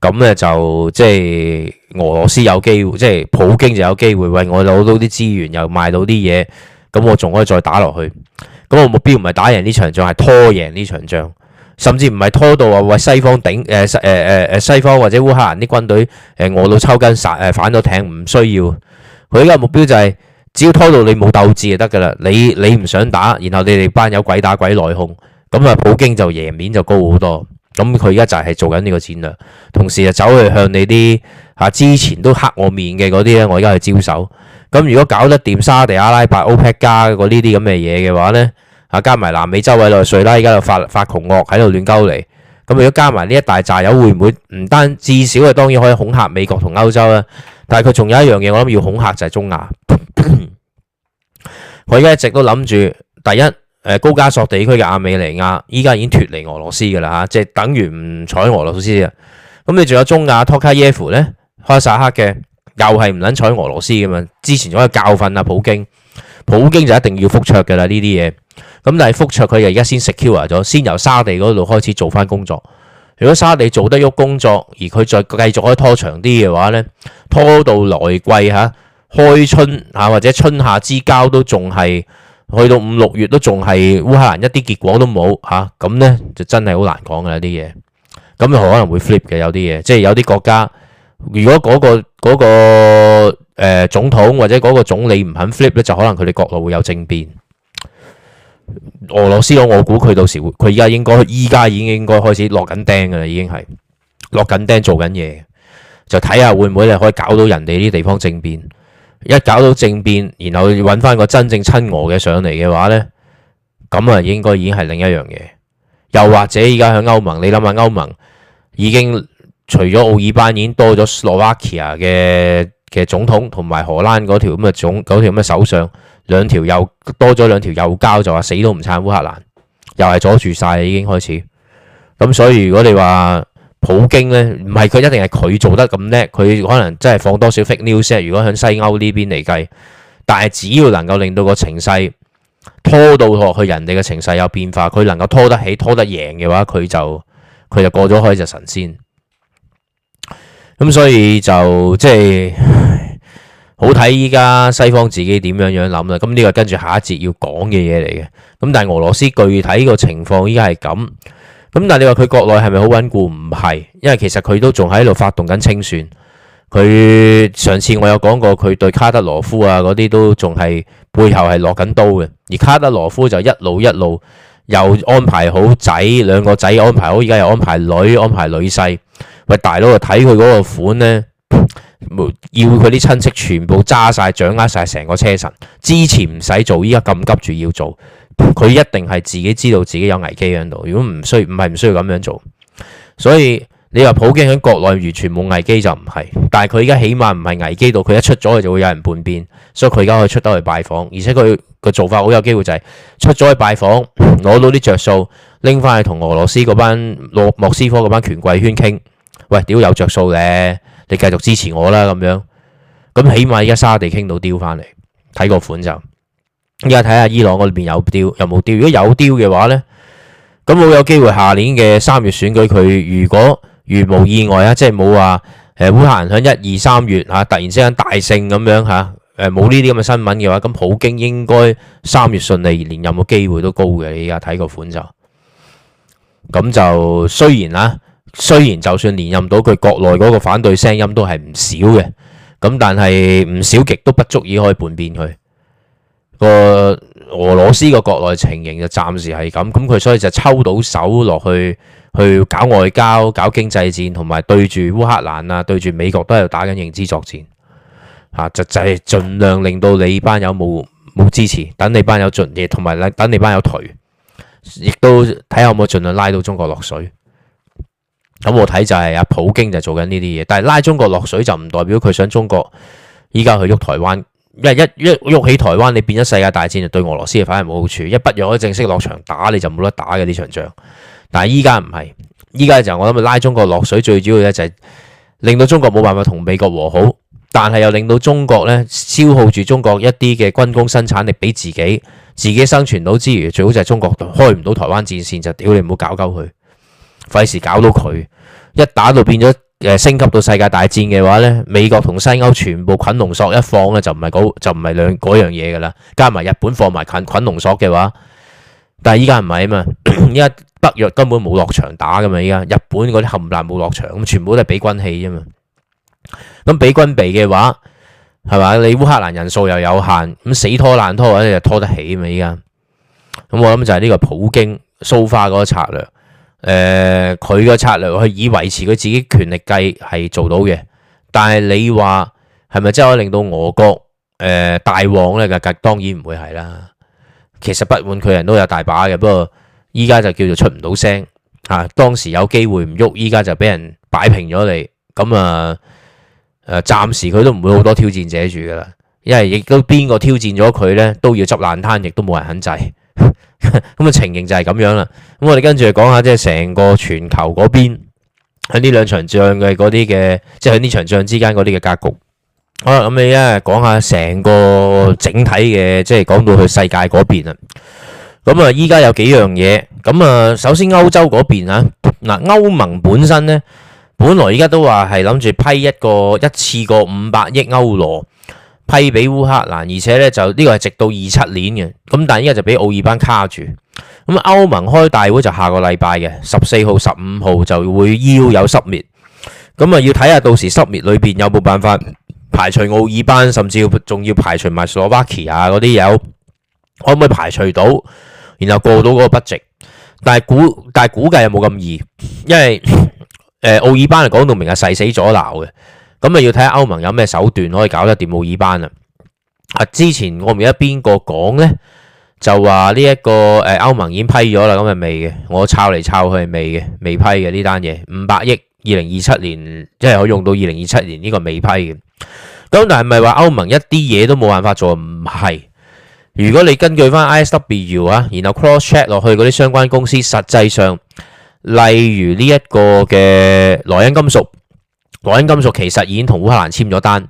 咁咧就即係俄羅斯有機會，即係普京就有機會為我攞到啲資源，又賣到啲嘢，咁我仲可以再打落去。咁我目標唔係打贏呢場仗，係拖贏呢場仗，甚至唔係拖到啊喂西方頂誒誒誒誒西方或者烏克蘭啲軍隊誒餓到抽筋殺誒反到艇，唔需要。佢依家目標就係、是。只要拖到你冇鬥志就得㗎喇，你你唔想打，然後你哋班友鬼打鬼內訌，咁啊普京就贏面就高好多。咁佢而家就係做緊呢個戰略，同時就走去向你啲嚇之前都黑我面嘅嗰啲咧，我而家去招手。咁如果搞得掂沙地阿拉伯、OPEC 加嗰呢啲咁嘅嘢嘅話呢，嚇加埋南美洲委內瑞拉而家就發發窮惡喺度亂鳩嚟，咁如果加埋呢一大紮友，會唔會唔單至少啊當然可以恐嚇美國同歐洲咧？但係佢仲有一樣嘢，我諗要恐嚇就係中亞，佢而家一直都諗住，第一，誒高加索地區嘅阿美尼亞，依家已經脫離俄羅斯嘅啦吓，即係等於唔睬俄羅斯啊。咁你仲有中亞托卡耶夫咧，開薩克嘅，又係唔捻睬俄羅斯嘅嘛。之前仲有教訓阿普京，普京就一定要覆桌嘅啦呢啲嘢。咁但係覆桌佢就而家先 secure 咗，先由沙地嗰度開始做翻工作。如果沙地做得喐工作，而佢再繼續可以拖長啲嘅話呢，拖到來季嚇，開春嚇，或者春夏之交都仲係去到五六月都仲係烏克蘭一啲結果都冇嚇，咁、啊、呢就真係好難講噶啲嘢，咁又可能會 flip 嘅有啲嘢，即、就、係、是、有啲國家，如果嗰、那個嗰、那個誒總統或者嗰個總理唔肯 flip 呢，就可能佢哋國內會有政變。俄羅斯咯，我估，佢到時會，佢依家應該依家已經應該開始落緊釘噶啦，已經係落緊釘做緊嘢，就睇下會唔會咧可以搞到人哋啲地方政變，一搞到政變，然後揾翻個真正親俄嘅上嚟嘅話呢，咁啊應該已經係另一樣嘢，又或者依家喺歐盟，你諗下歐盟已經除咗奧爾班，已經多咗斯洛伐克嘅嘅總統，同埋荷蘭嗰條咁嘅總條咁嘅首相。兩條又多咗兩條右膠就話死都唔撐烏克蘭，又係阻住晒已經開始。咁所以如果你話普京呢，唔係佢一定係佢做得咁叻，佢可能真係放多少 fake news。如果喺西歐呢邊嚟計，但係只要能夠令到個情勢拖到落去，人哋嘅情勢有變化，佢能夠拖得起、拖得贏嘅話，佢就佢就過咗開就神仙。咁所以就即係。好睇依家西方自己點樣樣諗啦，咁呢個跟住下一節要講嘅嘢嚟嘅。咁但係俄羅斯具體個情況依家係咁，咁但係你話佢國內係咪好穩固？唔係，因為其實佢都仲喺度發動緊清算。佢上次我有講過，佢對卡德羅夫啊嗰啲都仲係背後係落緊刀嘅。而卡德羅夫就一路一路又安排好仔，兩個仔安排好，而家又安排女，安排女婿。喂大佬啊，睇佢嗰個款呢？要佢啲親戚全部揸晒、掌握晒成個車臣，之前唔使做，依家咁急住要做。佢一定係自己知道自己有危機喺度。如果唔需唔係唔需要咁樣做。所以你話普京喺國內完全冇危機就唔係。但係佢而家起碼唔係危機到佢一出咗去就會有人叛變。所以佢而家可以出得去拜訪，而且佢個做法好有機會就係出咗去拜訪，攞到啲着數，拎翻去同俄羅斯嗰班羅莫斯科嗰班權貴圈傾。喂，屌有着數咧！你繼續支持我啦，咁樣，咁起碼依家，沙地傾到 deal 翻嚟，睇個款就，依家睇下伊朗嗰邊有 deal 有冇 deal，如果有 deal 嘅話咧，咁好有機會下年嘅三月選舉，佢如果如無意外 1, 2, 啊，即係冇話誒烏克蘭響一二三月吓突然之間大勝咁樣吓，誒冇呢啲咁嘅新聞嘅話，咁普京應該三月順利連任嘅機會都高嘅，你依家睇個款就，咁就雖然啦。雖然就算連任到，佢國內嗰個反對聲音都係唔少嘅，咁但係唔少極都不足以可以叛變佢。嗰個俄羅斯個國內情形就暫時係咁，咁佢所以就抽到手落去去搞外交、搞經濟戰，同埋對住烏克蘭啊、對住美國都係打緊認知作戰，吓、啊、就就係盡量令到你班有冇冇支持，等你班進有盡嘢，同埋等你班有退，亦都睇下有冇盡量拉到中國落水。咁我睇就係阿普京就做緊呢啲嘢，但係拉中國落水就唔代表佢想中國依家去喐台灣，因為一喐起台灣你變咗世界大戰，就對俄羅斯反而冇好處。一不讓佢正式落場打，你就冇得打嘅呢場仗。但係依家唔係，依家就係我諗拉中國落水最主要咧就係令到中國冇辦法同美國和好，但係又令到中國咧消耗住中國一啲嘅軍工生產力俾自己，自己生存到之餘最好就係中國開唔到台灣戰線就屌你唔好搞鳩佢，費事搞到佢。一打到變咗，誒升級到世界大戰嘅話咧，美國同西歐全部捆龍索一放嘅就唔係嗰就唔係兩樣嘢噶啦，加埋日本放埋捆捆龍索嘅話，但係依家唔係啊嘛，依家北約根本冇落場打噶嘛，依家日本嗰啲冚爛冇落場，咁全部都係俾軍器啫嘛，咁俾軍備嘅話，係嘛？你烏克蘭人數又有限，咁死拖爛拖，或者又拖得起啊嘛，依家，咁我諗就係呢個普京 so far 嗰個策略。誒，佢嘅、呃、策略去以維持佢自己權力計係做到嘅，但係你話係咪真係可以令到俄國誒大王呢？嘅當然唔會係啦。其實不滿佢人都有大把嘅，不過依家就叫做出唔到聲吓。當時有機會唔喐，依家就俾人擺平咗嚟。咁啊誒，暫、啊、時佢都唔會好多挑戰者住噶啦，因為亦都邊個挑戰咗佢呢，都要執爛攤，亦都冇人肯制。咁啊，情形就係咁樣啦。咁我哋跟住嚟講下，即係成個全球嗰邊喺呢兩場仗嘅嗰啲嘅，即係喺呢場仗之間嗰啲嘅格局。好啦，咁你一係講下成個整體嘅，即係講到去世界嗰邊啊。咁啊，依家有幾樣嘢。咁啊，首先歐洲嗰邊啊，嗱，歐盟本身咧，本來依家都話係諗住批一個一次過五百億歐羅。批俾烏克蘭，而且咧就呢個係直到二七年嘅。咁但係依家就俾奧爾班卡住。咁歐盟開大會就下個禮拜嘅十四號、十五號就會要有濕滅，咁啊要睇下到時濕滅裏邊有冇辦法排除奧爾班，甚至要仲要排除埋斯洛伐克啊嗰啲，有可唔可以排除到，然後過到嗰個 budget，但係估但係估計又冇咁易，因為誒、呃、奧爾班係講到明係誓死阻撓嘅。咁啊，要睇下歐盟有咩手段可以搞得掂奧爾班啊！啊，之前我唔記得邊個講呢，就話呢一個誒歐盟已經批咗啦，咁啊未嘅，我抄嚟抄去未嘅，未批嘅呢單嘢五百億，二零二七年即係可以用到二零二七年呢個未批嘅。咁但係咪話歐盟一啲嘢都冇辦法做？唔係，如果你根據翻 ISW 啊，然後 cross check 落去嗰啲相關公司，實際上例如呢一個嘅萊茵金屬。萊茵金屬其實已經同烏克蘭簽咗單，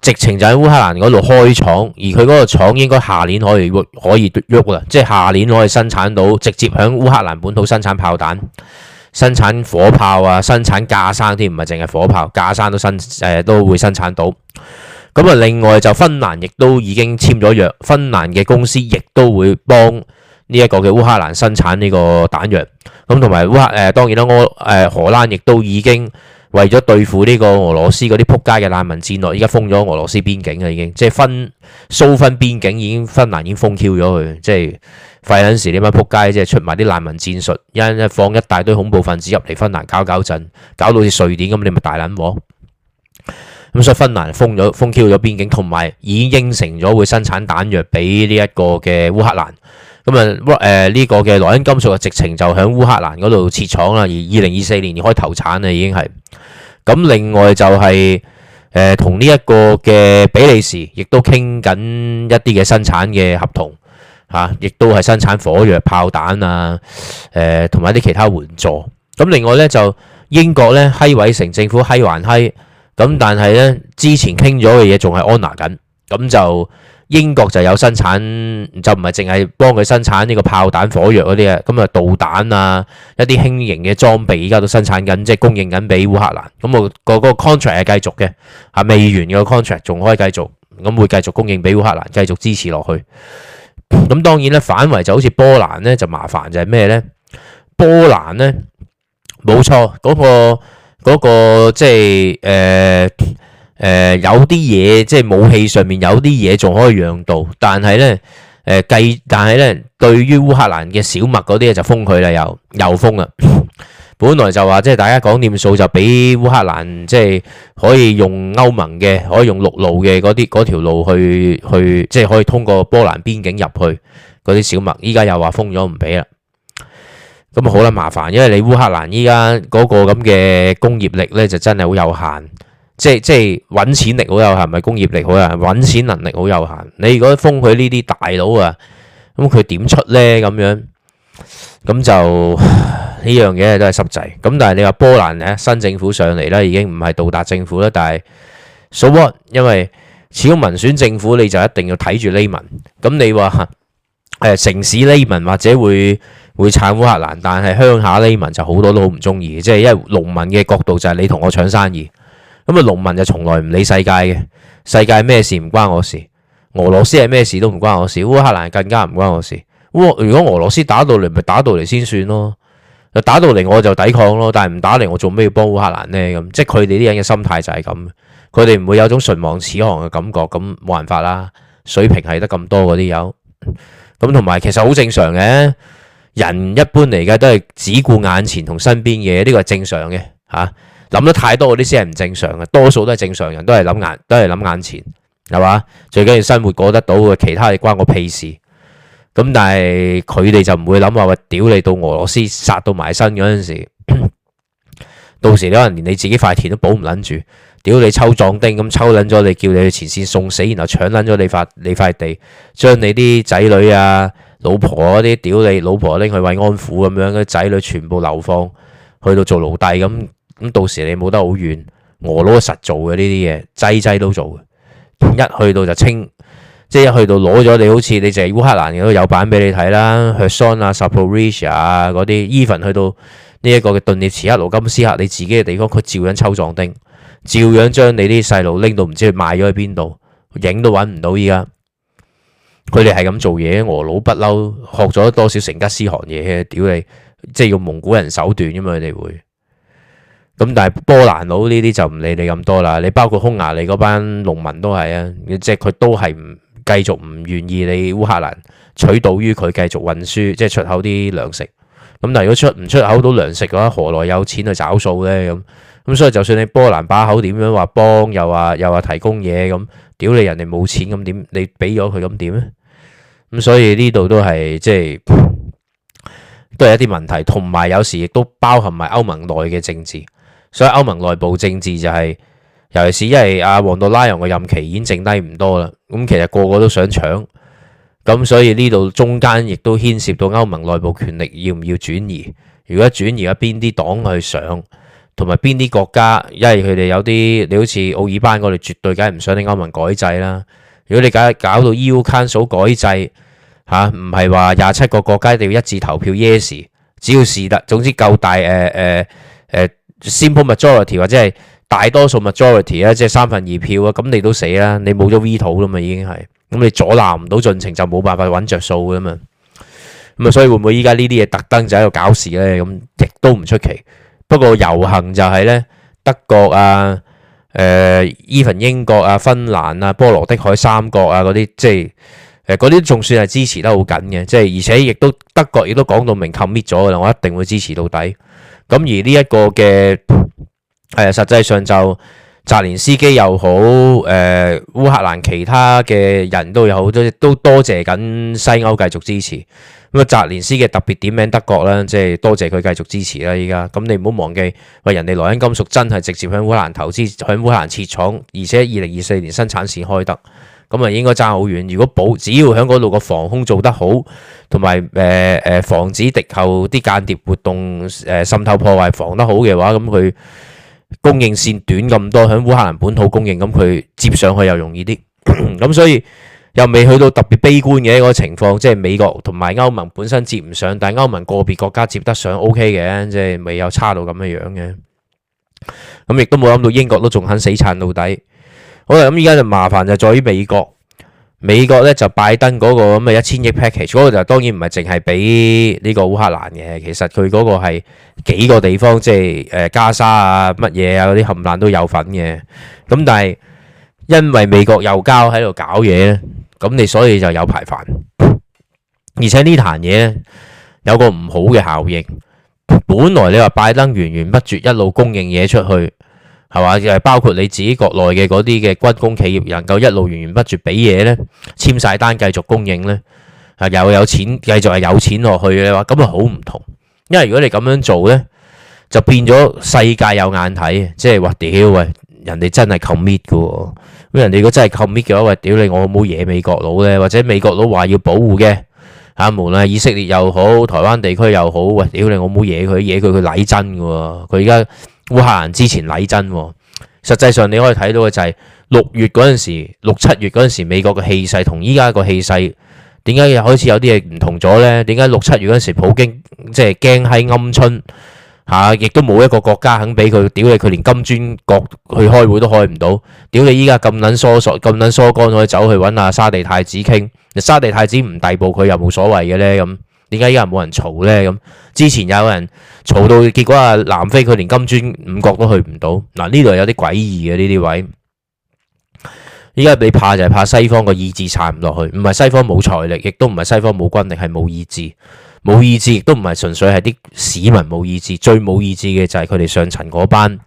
直情就喺烏克蘭嗰度開廠，而佢嗰個廠應該下年可以可以喐啦，即係下年可以生產到直接響烏克蘭本土生產炮彈、生產火炮啊、生產架生添，唔係淨係火炮、架生都生誒都會生產到。咁啊，另外就芬蘭亦都已經簽咗約，芬蘭嘅公司亦都會幫呢一個嘅烏克蘭生產呢個彈藥。咁同埋烏克誒，當然啦，我誒荷蘭亦都已經。為咗對付呢個俄羅斯嗰啲撲街嘅難民戰略，依家封咗俄羅斯邊境啊，已經即係分蘇芬邊境已經芬蘭已經封 Q 咗佢，即係費緊事點解撲街即係出埋啲難民戰術，一放一大堆恐怖分子入嚟芬蘭搞搞震，搞到好似瑞典咁，你咪大捻鑊咁，所以芬蘭封咗封 Q 咗邊境，同埋已經應承咗會生產彈藥俾呢一個嘅烏克蘭。咁啊，誒呢個嘅萊茵金屬嘅直情就喺烏克蘭嗰度設廠啦，而二零二四年而開投產啦，已經係。咁另外就係誒同呢一個嘅比利時亦都傾緊一啲嘅生產嘅合同，嚇，亦都係生產火藥、炮彈啊，誒同埋啲其他援助。咁另外咧就英國咧，希偉城政府希還希，咁但係咧之前傾咗嘅嘢仲係安拿緊，咁就。英國就有生產，就唔係淨係幫佢生產呢個炮彈、火藥嗰啲啊，咁啊導彈啊，一啲輕型嘅裝備，依家都生產緊，即係供應緊俾烏克蘭。咁我嗰個 contract 係繼續嘅，嚇未完嘅 contract 仲可以繼續，咁會繼續供應俾烏克蘭，繼續支持落去。咁當然咧，反為就好似波蘭咧，就麻煩就係咩咧？波蘭咧，冇錯嗰、嗰個嗰、嗰個即係誒。呃誒、呃，有啲嘢即係武器上面有啲嘢仲可以讓到，但係呢，誒、呃，計但係呢，對於烏克蘭嘅小麥嗰啲就封佢啦，又又封啦。 (laughs) 本來就話即係大家講掂數就俾烏克蘭即係可以用歐盟嘅，可以用陸路嘅嗰啲嗰條路去去，即係可以通過波蘭邊境入去嗰啲小麥。依家又話封咗唔俾啦，咁好啦麻煩，因為你烏克蘭依家嗰個咁嘅工業力呢，就真係好有限。即係即係揾錢力好有限，唔係工業力好有限。揾錢能力好有限。你如果封佢呢啲大佬啊，咁佢點出呢？咁樣咁就呢樣嘢都係濕滯。咁但係你話波蘭咧，新政府上嚟啦，已經唔係到達政府啦。但係 so what？因為始終民選政府你就一定要睇住黎民。咁你話誒城市黎民或者會會撐烏克蘭，但係鄉下黎民就好多都好唔中意，即係因為農民嘅角度就係你同我搶生意。咁啊，農民就從來唔理世界嘅，世界咩事唔關我事。俄羅斯係咩事都唔關我事。烏克蘭更加唔關我事。如果俄羅斯打到嚟，咪打到嚟先算咯。打到嚟我就抵抗咯。但係唔打嚟，我做咩要幫烏克蘭呢？咁即係佢哋啲人嘅心態就係咁。佢哋唔會有種唇亡齒寒嘅感覺。咁冇辦法啦。水平係得咁多嗰啲有。咁同埋其實好正常嘅。人一般嚟嘅都係只顧眼前同身邊嘢，呢個係正常嘅嚇。啊諗得太多嗰啲先係唔正常嘅。多數都係正常人都係諗眼都係諗眼前，係嘛？最緊要生活過得到嘅，其他嘢關我屁事。咁但係佢哋就唔會諗話話屌你到俄羅斯殺到埋身嗰陣時， (coughs) 到時你可能連你自己塊田都保唔捻住，屌你抽壯丁咁抽捻咗，你叫你去前線送死，然後搶捻咗你塊你塊地，將你啲仔女啊老婆啊啲屌你老婆拎去慰安婦咁樣，啲仔女全部流放去到做奴隸咁。咁到時你冇得好遠，俄佬實做嘅呢啲嘢，擠擠都做嘅。一去到就清，即係一去到攞咗，好你好似你淨係烏克蘭都有版俾你睇啦，Kherson 啊、Zaporizhzhia 啊嗰啲，even 去到呢一個嘅頓涅茨克、盧甘斯克你自己嘅地方，佢照樣抽壯丁，照樣將你啲細路拎到唔知去賣咗去邊度，影都揾唔到依家。佢哋係咁做嘢，俄佬不嬲學咗多少成吉思汗嘢，屌你，即係用蒙古人手段咁啊！佢哋會。咁但係波蘭佬呢啲就唔理你咁多啦。你包括匈牙利嗰班農民都係啊，即係佢都係唔繼續唔願意你烏克蘭取道於佢繼續運輸，即係出口啲糧食。咁但係如果出唔出口到糧食嘅話，何來有錢去找數呢？咁咁所以就算你波蘭把口點樣話幫，又話又話提供嘢咁，屌你人哋冇錢咁點？你俾咗佢咁點呢？咁所以呢度都係即係都係一啲問題，同埋有，有時亦都包含埋歐盟內嘅政治。所以歐盟內部政治就係、是，尤其是因為阿黃道拉揚嘅任期已經剩低唔多啦，咁其實個個都想搶，咁所以呢度中間亦都牽涉到歐盟內部權力要唔要轉移，如果轉移咗邊啲黨去上，同埋邊啲國家，因為佢哋有啲你好似奧爾班，我哋絕對梗係唔想啲歐盟改制啦，如果你梗係搞到 EU Council 改制嚇，唔係話廿七個國家一定要一致投票 yes，只要是得，總之夠大誒誒誒。呃呃呃 s i majority p l e m 或者係大多數 majority 啊，即係三分二票啊，咁你都死啦，你冇咗 v 票啦嘛，已經係，咁你阻攔唔到進程就冇辦法揾着數噶嘛，咁啊，所以會唔會依家呢啲嘢特登就喺度搞事咧？咁亦都唔出奇。不過遊行就係咧，德國啊，誒 e v 英國啊、芬蘭啊、波羅的海三國啊嗰啲，即係誒嗰啲仲算係支持得好緊嘅，即係而且亦都德國亦都講到明 commit 咗噶啦，我一定會支持到底。咁而呢一個嘅誒、哎，實際上就澤連斯基又好，誒、呃、烏克蘭其他嘅人都有好多，都多謝緊西歐繼續支持。咁啊，澤連斯基特別點名德國啦，即係多謝佢繼續支持啦。依家咁，你唔好忘記，話人哋萊茵金屬真係直接向烏克蘭投資，向烏克蘭設廠，而且二零二四年生產線開得。咁啊，應該爭好遠。如果保，只要喺嗰度個防空做得好，同埋誒誒防止敵後啲間諜活動誒滲透破壞防得好嘅話，咁佢供應線短咁多，喺烏克蘭本土供應，咁佢接上去又容易啲。咁所以又未去到特別悲觀嘅一個情況，即係美國同埋歐盟本身接唔上，但係歐盟個別國家接得上，OK 嘅，即係未有差到咁嘅樣嘅。咁亦都冇諗到英國都仲肯死撐到底。好啦，咁而家就麻煩就在於美國，美國咧就拜登嗰個咁嘅一千億 package，嗰個就當然唔係淨係俾呢個烏克蘭嘅，其實佢嗰個係幾個地方，即係誒、呃、加沙啊、乜嘢啊嗰啲冚爛都有份嘅。咁但係因為美國又交喺度搞嘢咧，咁你所以就有排煩，而且呢壇嘢有個唔好嘅效應，本來你話拜登源源不絕一路供應嘢出去。係嘛？又係包括你自己國內嘅嗰啲嘅軍工企業，能夠一路源源不絕俾嘢咧，簽晒單繼續供應咧，係又有錢繼續係有錢落去嘅話，咁啊好唔同。因為如果你咁樣做咧，就變咗世界有眼睇，即係話屌喂，人哋真係 commit 嘅。咁人哋如果真係 commit 嘅話，喂屌你，我冇惹美國佬咧，或者美國佬話要保護嘅吓，無論係以色列又好，台灣地區又好，喂屌你，我冇惹佢，惹佢佢禮真嘅，佢而家。烏克蘭之前禮真，實際上你可以睇到嘅就係六月嗰陣時、六七月嗰陣時美國嘅氣勢同依家個氣勢點解又開始有啲嘢唔同咗呢？點解六七月嗰陣時普京即係驚喺鵪鶉嚇，亦、啊、都冇一個國家肯俾佢，屌你佢連金磚國去開會都開唔到，屌你依家咁撚疏疏，咁撚疏乾可以走去揾下沙地太子傾，沙地太子唔逮捕佢又冇所謂嘅呢。咁。點解依家冇人嘈呢？咁之前有人嘈到，結果阿南非佢連金磚五國都去唔到嗱。呢度有啲詭異嘅呢啲位。依家你怕就係怕西方個意志撐唔落去，唔係西方冇財力，亦都唔係西方冇軍力，係冇意志。冇意志亦都唔係純粹係啲市民冇意志，最冇意志嘅就係佢哋上層嗰班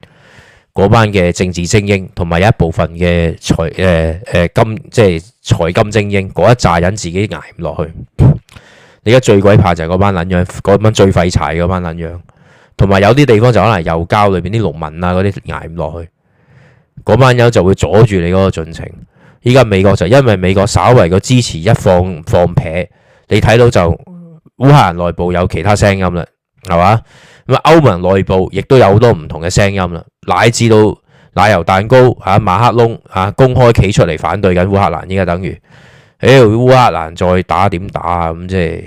嗰班嘅政治精英，同埋一部分嘅財誒誒金即係財金精英嗰一紮人自己挨唔落去。而家最鬼怕就係嗰班撚樣，嗰班最廢柴嗰班撚樣，同埋有啲地方就可能右膠裏邊啲農民啊，嗰啲捱唔落去，嗰班友就會阻住你嗰個進程。依家美國就因為美國稍為個支持一放放撇，你睇到就烏克蘭內部有其他聲音啦，係嘛？咁啊，歐盟內部亦都有好多唔同嘅聲音啦，乃至到奶油蛋糕啊、馬克龍啊公開企出嚟反對緊烏克蘭，依家等於。屌烏克蘭再打點打啊咁、就是、即係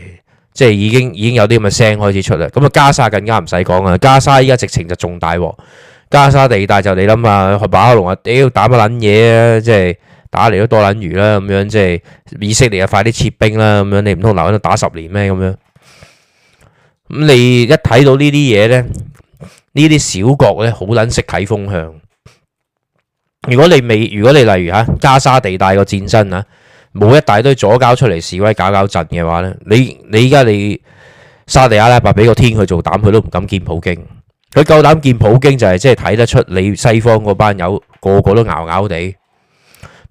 即係已經已經有啲咁嘅聲開始出啦，咁啊加沙更加唔使講啦，加沙依家直情就重大鑊，加沙地帶就你諗啊，白哈龍啊屌打乜撚嘢啊，即係打嚟都多撚餘啦，咁樣即、就、係、是、以色列啊快啲撤兵啦，咁樣你唔通留喺度打十年咩咁樣？咁你一睇到呢啲嘢咧，呢啲小國咧好撚識睇風向，如果你未如果你例如吓加沙地帶個戰爭啊。冇一大堆左膠出嚟示威搞搞震嘅話咧，你你依家你沙地阿拉伯俾個天去做膽，佢都唔敢見普京。佢夠膽見普京就係即係睇得出你西方嗰班友個個都拗拗地。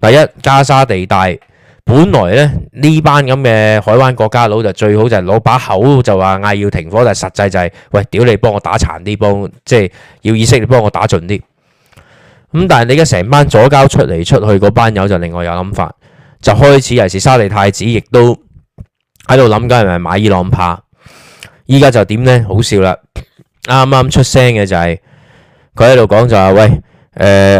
第一加沙地帶，本來咧呢班咁嘅海灣國家佬就最好就係攞把口就話嗌要停火，但實際就係喂屌你幫我打殘啲幫，即係要以色列你幫我打盡啲。咁但係你而家成班左膠出嚟出去嗰班友就另外有諗法。就開始，尤其是沙地太子，亦都喺度諗緊，係咪買伊朗怕。依家就點咧？好笑啦！啱啱出聲嘅就係佢喺度講，就係、是、喂誒誒、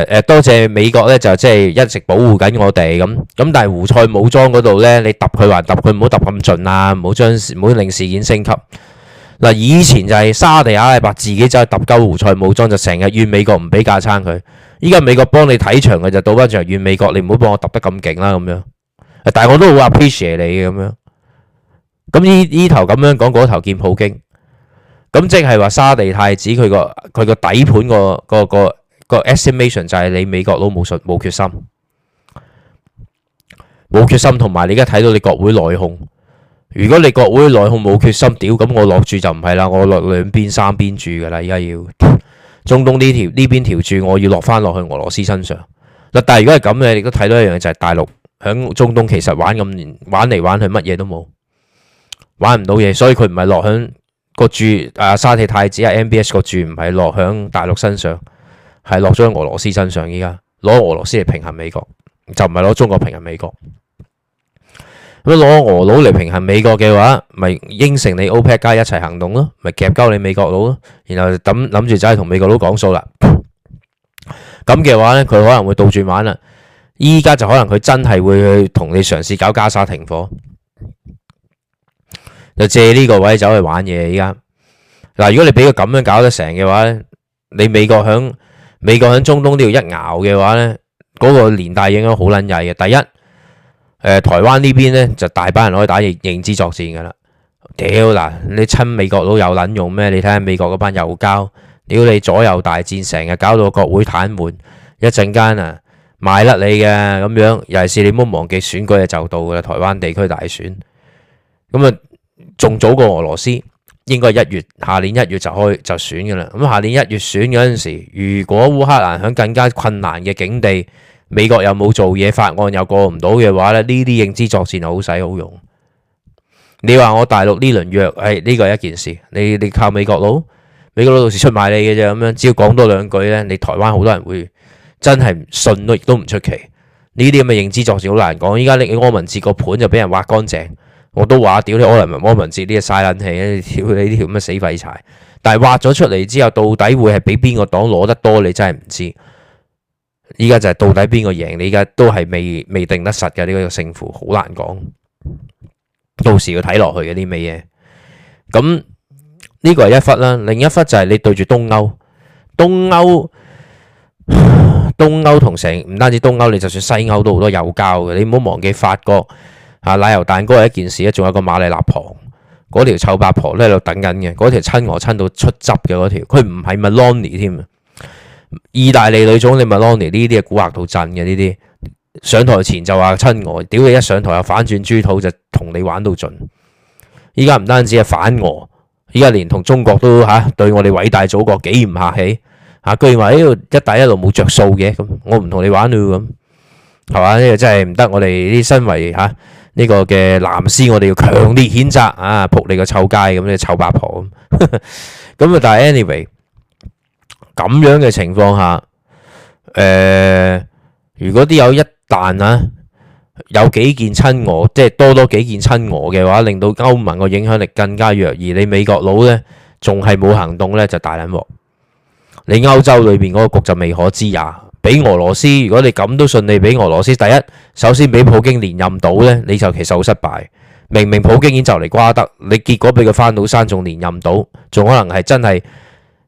呃，多謝美國咧，就即、是、係一直保護緊我哋咁咁。但係胡塞武裝嗰度咧，你揼佢還揼佢，唔好揼咁盡啦，唔好將唔好令事件升級嗱。以前就係沙地阿拉伯自己走去揼鳩胡塞武裝，就成日怨美國唔俾架撐佢。依家美國幫你睇場嘅就倒翻場怨美國你，你唔好幫我揼得咁勁啦咁樣。但係我都好 appreciate 你咁樣，咁呢呢頭咁樣講，嗰頭見普京，咁即係話沙地太子佢個佢個底盤個個個 estimation 就係你美國佬冇信冇決心，冇決心，同埋你而家睇到你國會內訌，如果你國會內訌冇決心，屌咁我落注就唔係啦，我落兩邊三邊注噶啦，而家要中東呢條呢邊條注，我要落翻落去俄羅斯身上嗱，但係如果係咁嘅，你都睇到一樣嘢就係大陸。喺中東其實玩咁玩嚟玩去乜嘢都冇，玩唔到嘢，所以佢唔係落響個注啊沙地太子啊 MBS 個注唔係落響大陸身上，係落咗喺俄羅斯身上。依家攞俄羅斯嚟平衡美國，就唔係攞中國平衡美國。咁、嗯、攞俄佬嚟平衡美國嘅話，咪應承你 OPEC 加一齊行動咯，咪夾溝你美國佬咯，然後諗諗住就係同美國佬講數啦。咁嘅話咧，佢可能會倒轉玩啦。依家就可能佢真係會去同你嘗試搞加沙停火，就借呢個位走去玩嘢。依家嗱，如果你俾佢咁樣搞得成嘅話咧，你美國響美國響中東都要一熬嘅話咧，嗰個連帶影響好捻曳嘅。第一，誒，台灣呢邊咧就大班人可以打認認知作戰㗎啦。屌嗱，你親美國都有捻用咩？你睇下美國嗰班右膠，屌你左右大戰成日搞到國會癱瘓。一陣間啊！買甩你嘅咁樣，尤其是你唔好忘記選舉嘅就到噶啦，台灣地區大選，咁啊仲早過俄羅斯，應該一月下年一月就開就選噶啦。咁下年一月選嗰陣時，如果烏克蘭響更加困難嘅境地，美國又冇做嘢法案又過唔到嘅話咧，呢啲認知作戰好使好用。你話我大陸呢輪弱係呢個係一件事，你你靠美國佬，美國佬到時出賣你嘅啫，咁樣只要講多兩句呢，你台灣好多人會。真係唔信都亦都唔出奇，呢啲咁嘅認知作戰好難講。依家拎起柯文哲個盤就俾人挖乾淨，我都話，屌你柯文哲呢治呢，嘥撚氣啊！你呢條咁嘅死廢柴。但係挖咗出嚟之後，到底會係俾邊個黨攞得多？你真係唔知。依家就係到底邊個贏？你而家都係未未定得實嘅呢、這個勝負，好難講。到時要睇落去嘅啲咩嘢？咁呢個係一忽啦，另一忽就係你對住東歐，東歐。 (laughs) 東歐同成，唔單止東歐，你就算西歐都好多右膠嘅。你唔好忘記法國嚇奶油蛋糕係一件事咧，仲有個馬利娜婆嗰條臭八婆咧喺度等緊嘅，嗰條親俄親到出汁嘅嗰條，佢唔係咪 Loni 添啊？意大利女總你咪 Loni 呢啲係古惑到震嘅呢啲，上台前就話親俄，屌你一上台又反轉豬肚，就同你玩到盡。依家唔單止係反俄，依家連同中國都嚇、啊、對我哋偉大祖國幾唔客氣。啊！居然話呢個一帶一路冇着數嘅，咁我唔同你玩啦。咁，係嘛，呢個真係唔得。我哋啲身為吓呢個嘅藍絲，我哋要強烈譴責啊！撲你個臭街咁，你臭八婆咁。咁啊，但係 anyway 咁樣嘅情況下，誒，如果啲有一旦啊，有幾件親俄，即係多多幾件親俄嘅話，令到歐盟個影響力更加弱，而你美國佬咧仲係冇行動咧，就大捻鑊你歐洲裏面嗰個局就未可知啊。俾俄羅斯，如果你咁都順利俾俄羅斯，第一首先俾普京連任到呢，你就其實好失敗。明明普京已經就嚟瓜得，你結果俾佢翻到山仲連任到，仲可能係真係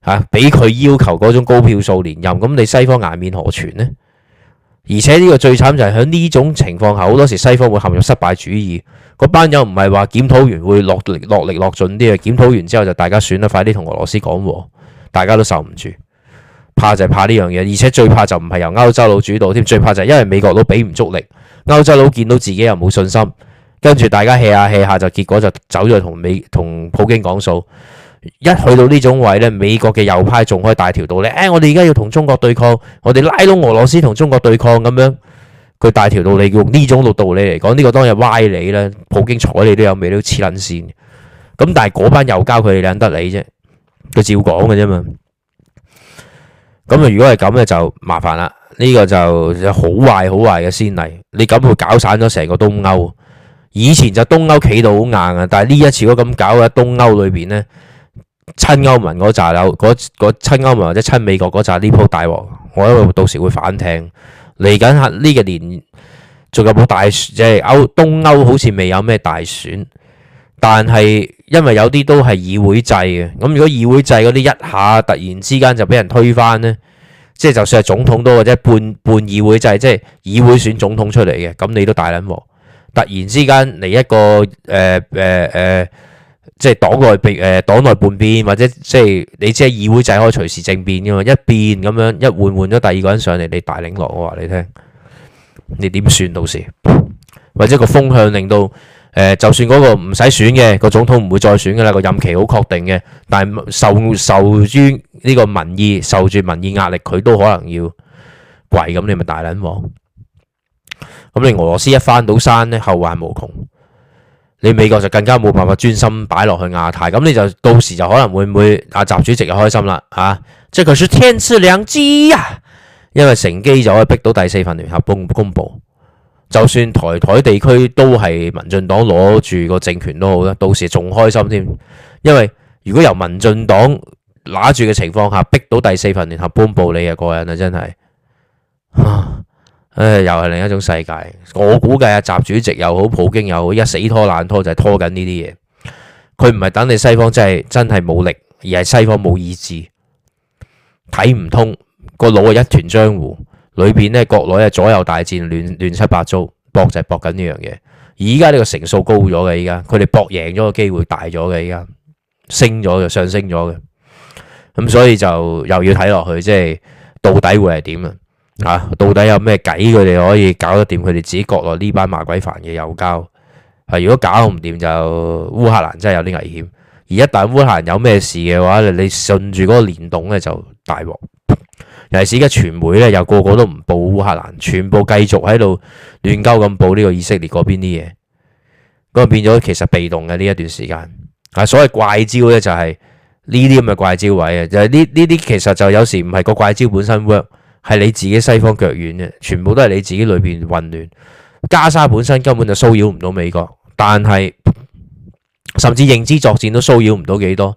吓俾佢要求嗰種高票數連任，咁你西方顏面何存呢？而且呢個最慘就係喺呢種情況下，好多時西方會陷入失敗主義。嗰班友唔係話檢討完會落力落力落盡啲嘅，檢討完之後就大家算啦，快啲同俄羅斯講和，大家都受唔住。怕就係怕呢樣嘢，而且最怕就唔係由歐洲佬主導添，最怕就係因為美國佬俾唔足力，歐洲佬見到自己又冇信心，跟住大家氣下氣下就結果就走咗去，同美同普京講數。一去到呢種位咧，美國嘅右派仲開大條道理：哎「誒我哋而家要同中國對抗，我哋拉攏俄羅斯同中國對抗咁樣。佢大條道理用呢種道理嚟講，呢、呢個當日歪理，啦，普京睬你都有味都黐撚線。咁但係嗰班右膠，佢哋兩得你啫，佢照講嘅啫嘛。咁啊！如果係咁咧，就麻煩啦。呢、呢個就好壞、好壞嘅先例。你咁會搞散咗成個東歐。以前就東歐企到好硬啊，但係呢一次如果咁搞嘅，東歐裏邊咧親歐盟嗰扎，有嗰親歐盟或者親美國嗰扎，呢鋪大鑊。我因為到時會反艇，嚟緊下呢個年，仲有冇大，即係歐東歐好似未有咩大選。但係因為有啲都係議會制嘅，咁如果議會制嗰啲一下突然之間就俾人推翻呢？即係就算係總統多或者半半議會制，即係議會選總統出嚟嘅，咁你都大捻鑊。突然之間嚟一個誒誒誒，即係黨內變誒黨內叛變，或者即係你即係議會制可以隨時政變噶嘛，一變咁樣一換換咗第二個人上嚟，你大領鑊。我話你聽，你點算到時，或者個風向令到。誒、呃，就算嗰個唔使選嘅，個總統唔會再選噶啦，個任期好確定嘅。但係受受住呢個民意，受住民意壓力，佢都可能要跪，咁你咪大捻喎。咁你俄羅斯一翻到山咧，後患無窮。你美國就更加冇辦法專心擺落去亞太，咁你就到時就可能會唔會阿習主席就開心啦？啊，即係佢說天賜良機啊，因為乘機就可以逼到第四份聯合公公佈。就算台台地區都係民進黨攞住個政權都好啦，到時仲開心添。因為如果由民進黨拿住嘅情況下，逼到第四份聯合公報，你啊過癮啊，真係。唉，又係另一種世界。我估計啊，習主席又好，普京又好，一死拖爛拖就係拖緊呢啲嘢。佢唔係等你西方真係真係冇力，而係西方冇意志，睇唔通，個腦係一團漿糊。裏邊咧，國內咧，左右大戰，亂亂七八糟，搏，就係搏緊呢樣嘢。而家呢個成數高咗嘅，依家佢哋搏贏咗個機會大咗嘅，依家升咗嘅，上升咗嘅。咁所以就又要睇落去，即係到底會係點啊？到底有咩計佢哋可以搞得掂？佢哋自己國內呢班麻鬼煩嘅右膠，啊，如果搞唔掂就烏克蘭真係有啲危險。而一旦烏克蘭有咩事嘅話，你順住嗰個聯動咧，就大鑊。尤其是而家傳媒咧，又個個都唔報烏克蘭，全部繼續喺度亂鳩咁報呢個以色列嗰邊啲嘢，咁變咗其實被動嘅呢一段時間。啊，所謂怪招咧就係呢啲咁嘅怪招位啊，就係呢呢啲其實就有時唔係個怪招本身 work，係你自己西方腳軟嘅，全部都係你自己裏邊混亂。加沙本身根本就騷擾唔到美國，但係甚至認知作戰都騷擾唔到幾多。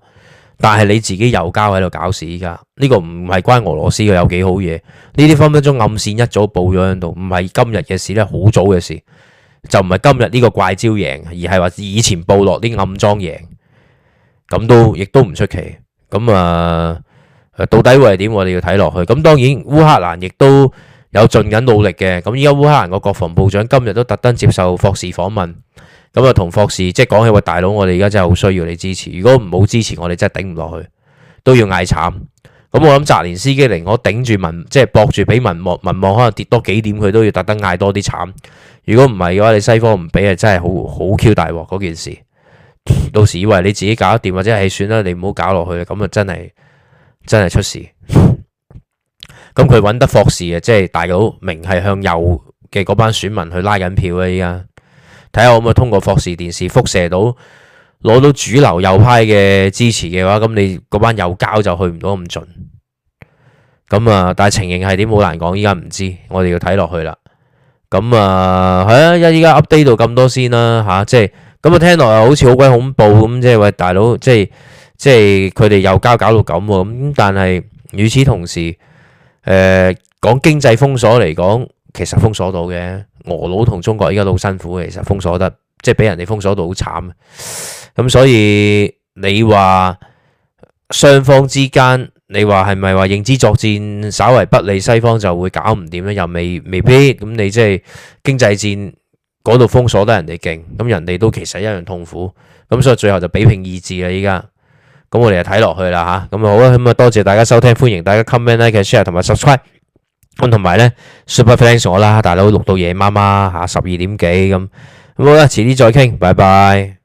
但係你自己又交喺度搞事噶，呢、呢個唔係關俄羅斯嘅有幾好嘢，呢啲分分鐘暗線一早報咗喺度，唔係今日嘅事咧，好早嘅事，就唔係今日呢個怪招贏，而係話以前部落啲暗樁贏，咁都亦都唔出奇。咁啊，到底會係點，我哋要睇落去。咁當然烏克蘭亦都有盡緊努力嘅。咁而家烏克蘭個國防部長今日都特登接受霍士訪問。咁啊，同霍士即係講起位大佬，我哋而家真係好需要你支持。如果唔好支持，我哋真係頂唔落去，都要嗌慘。咁我諗澤連斯基嚟，我頂住民，即係搏住俾民望，民望可能跌多幾點，佢都要特登嗌多啲慘。如果唔係嘅話，你西方唔俾，係真係好好 Q 大鑊嗰件事。到時以為你自己搞得掂，或者係唉算啦，你唔好搞落去，咁啊真係真係出事。咁佢揾得霍士啊，即係大佬明係向右嘅嗰班選民去拉緊票啊，依家。睇下可唔可以通過霍士電視輻射到，攞到主流右派嘅支持嘅話，咁你嗰班右膠就去唔到咁盡。咁啊，但係情形係點，好難講。依家唔知，我哋要睇落去啦。咁啊，係啊，依家 update 到咁多先啦嚇，即係咁啊。聽落又好似好鬼恐怖咁，即係喂大佬，即係即係佢哋右膠搞到咁喎。咁但係與此同時，誒講經濟封鎖嚟講。其實封鎖到嘅俄佬同中國依家都好辛苦嘅，其實封鎖得即係俾人哋封鎖到好慘。咁所以你話雙方之間，你話係咪話認知作戰稍為不利，西方就會搞唔掂咧？又未未必。咁你即係經濟戰嗰度封鎖得人哋勁，咁人哋都其實一樣痛苦。咁所以最後就比拼意志啦！依家咁我哋就睇落去啦吓，咁好啦。咁啊多謝大家收聽，歡迎大家 comment、like (laughs) 歡、share 同埋 subscribe。咁同埋咧，superfans c 我啦，大佬錄到夜麻麻嚇，下十二點幾咁，咁好啦，遲啲再傾，拜拜。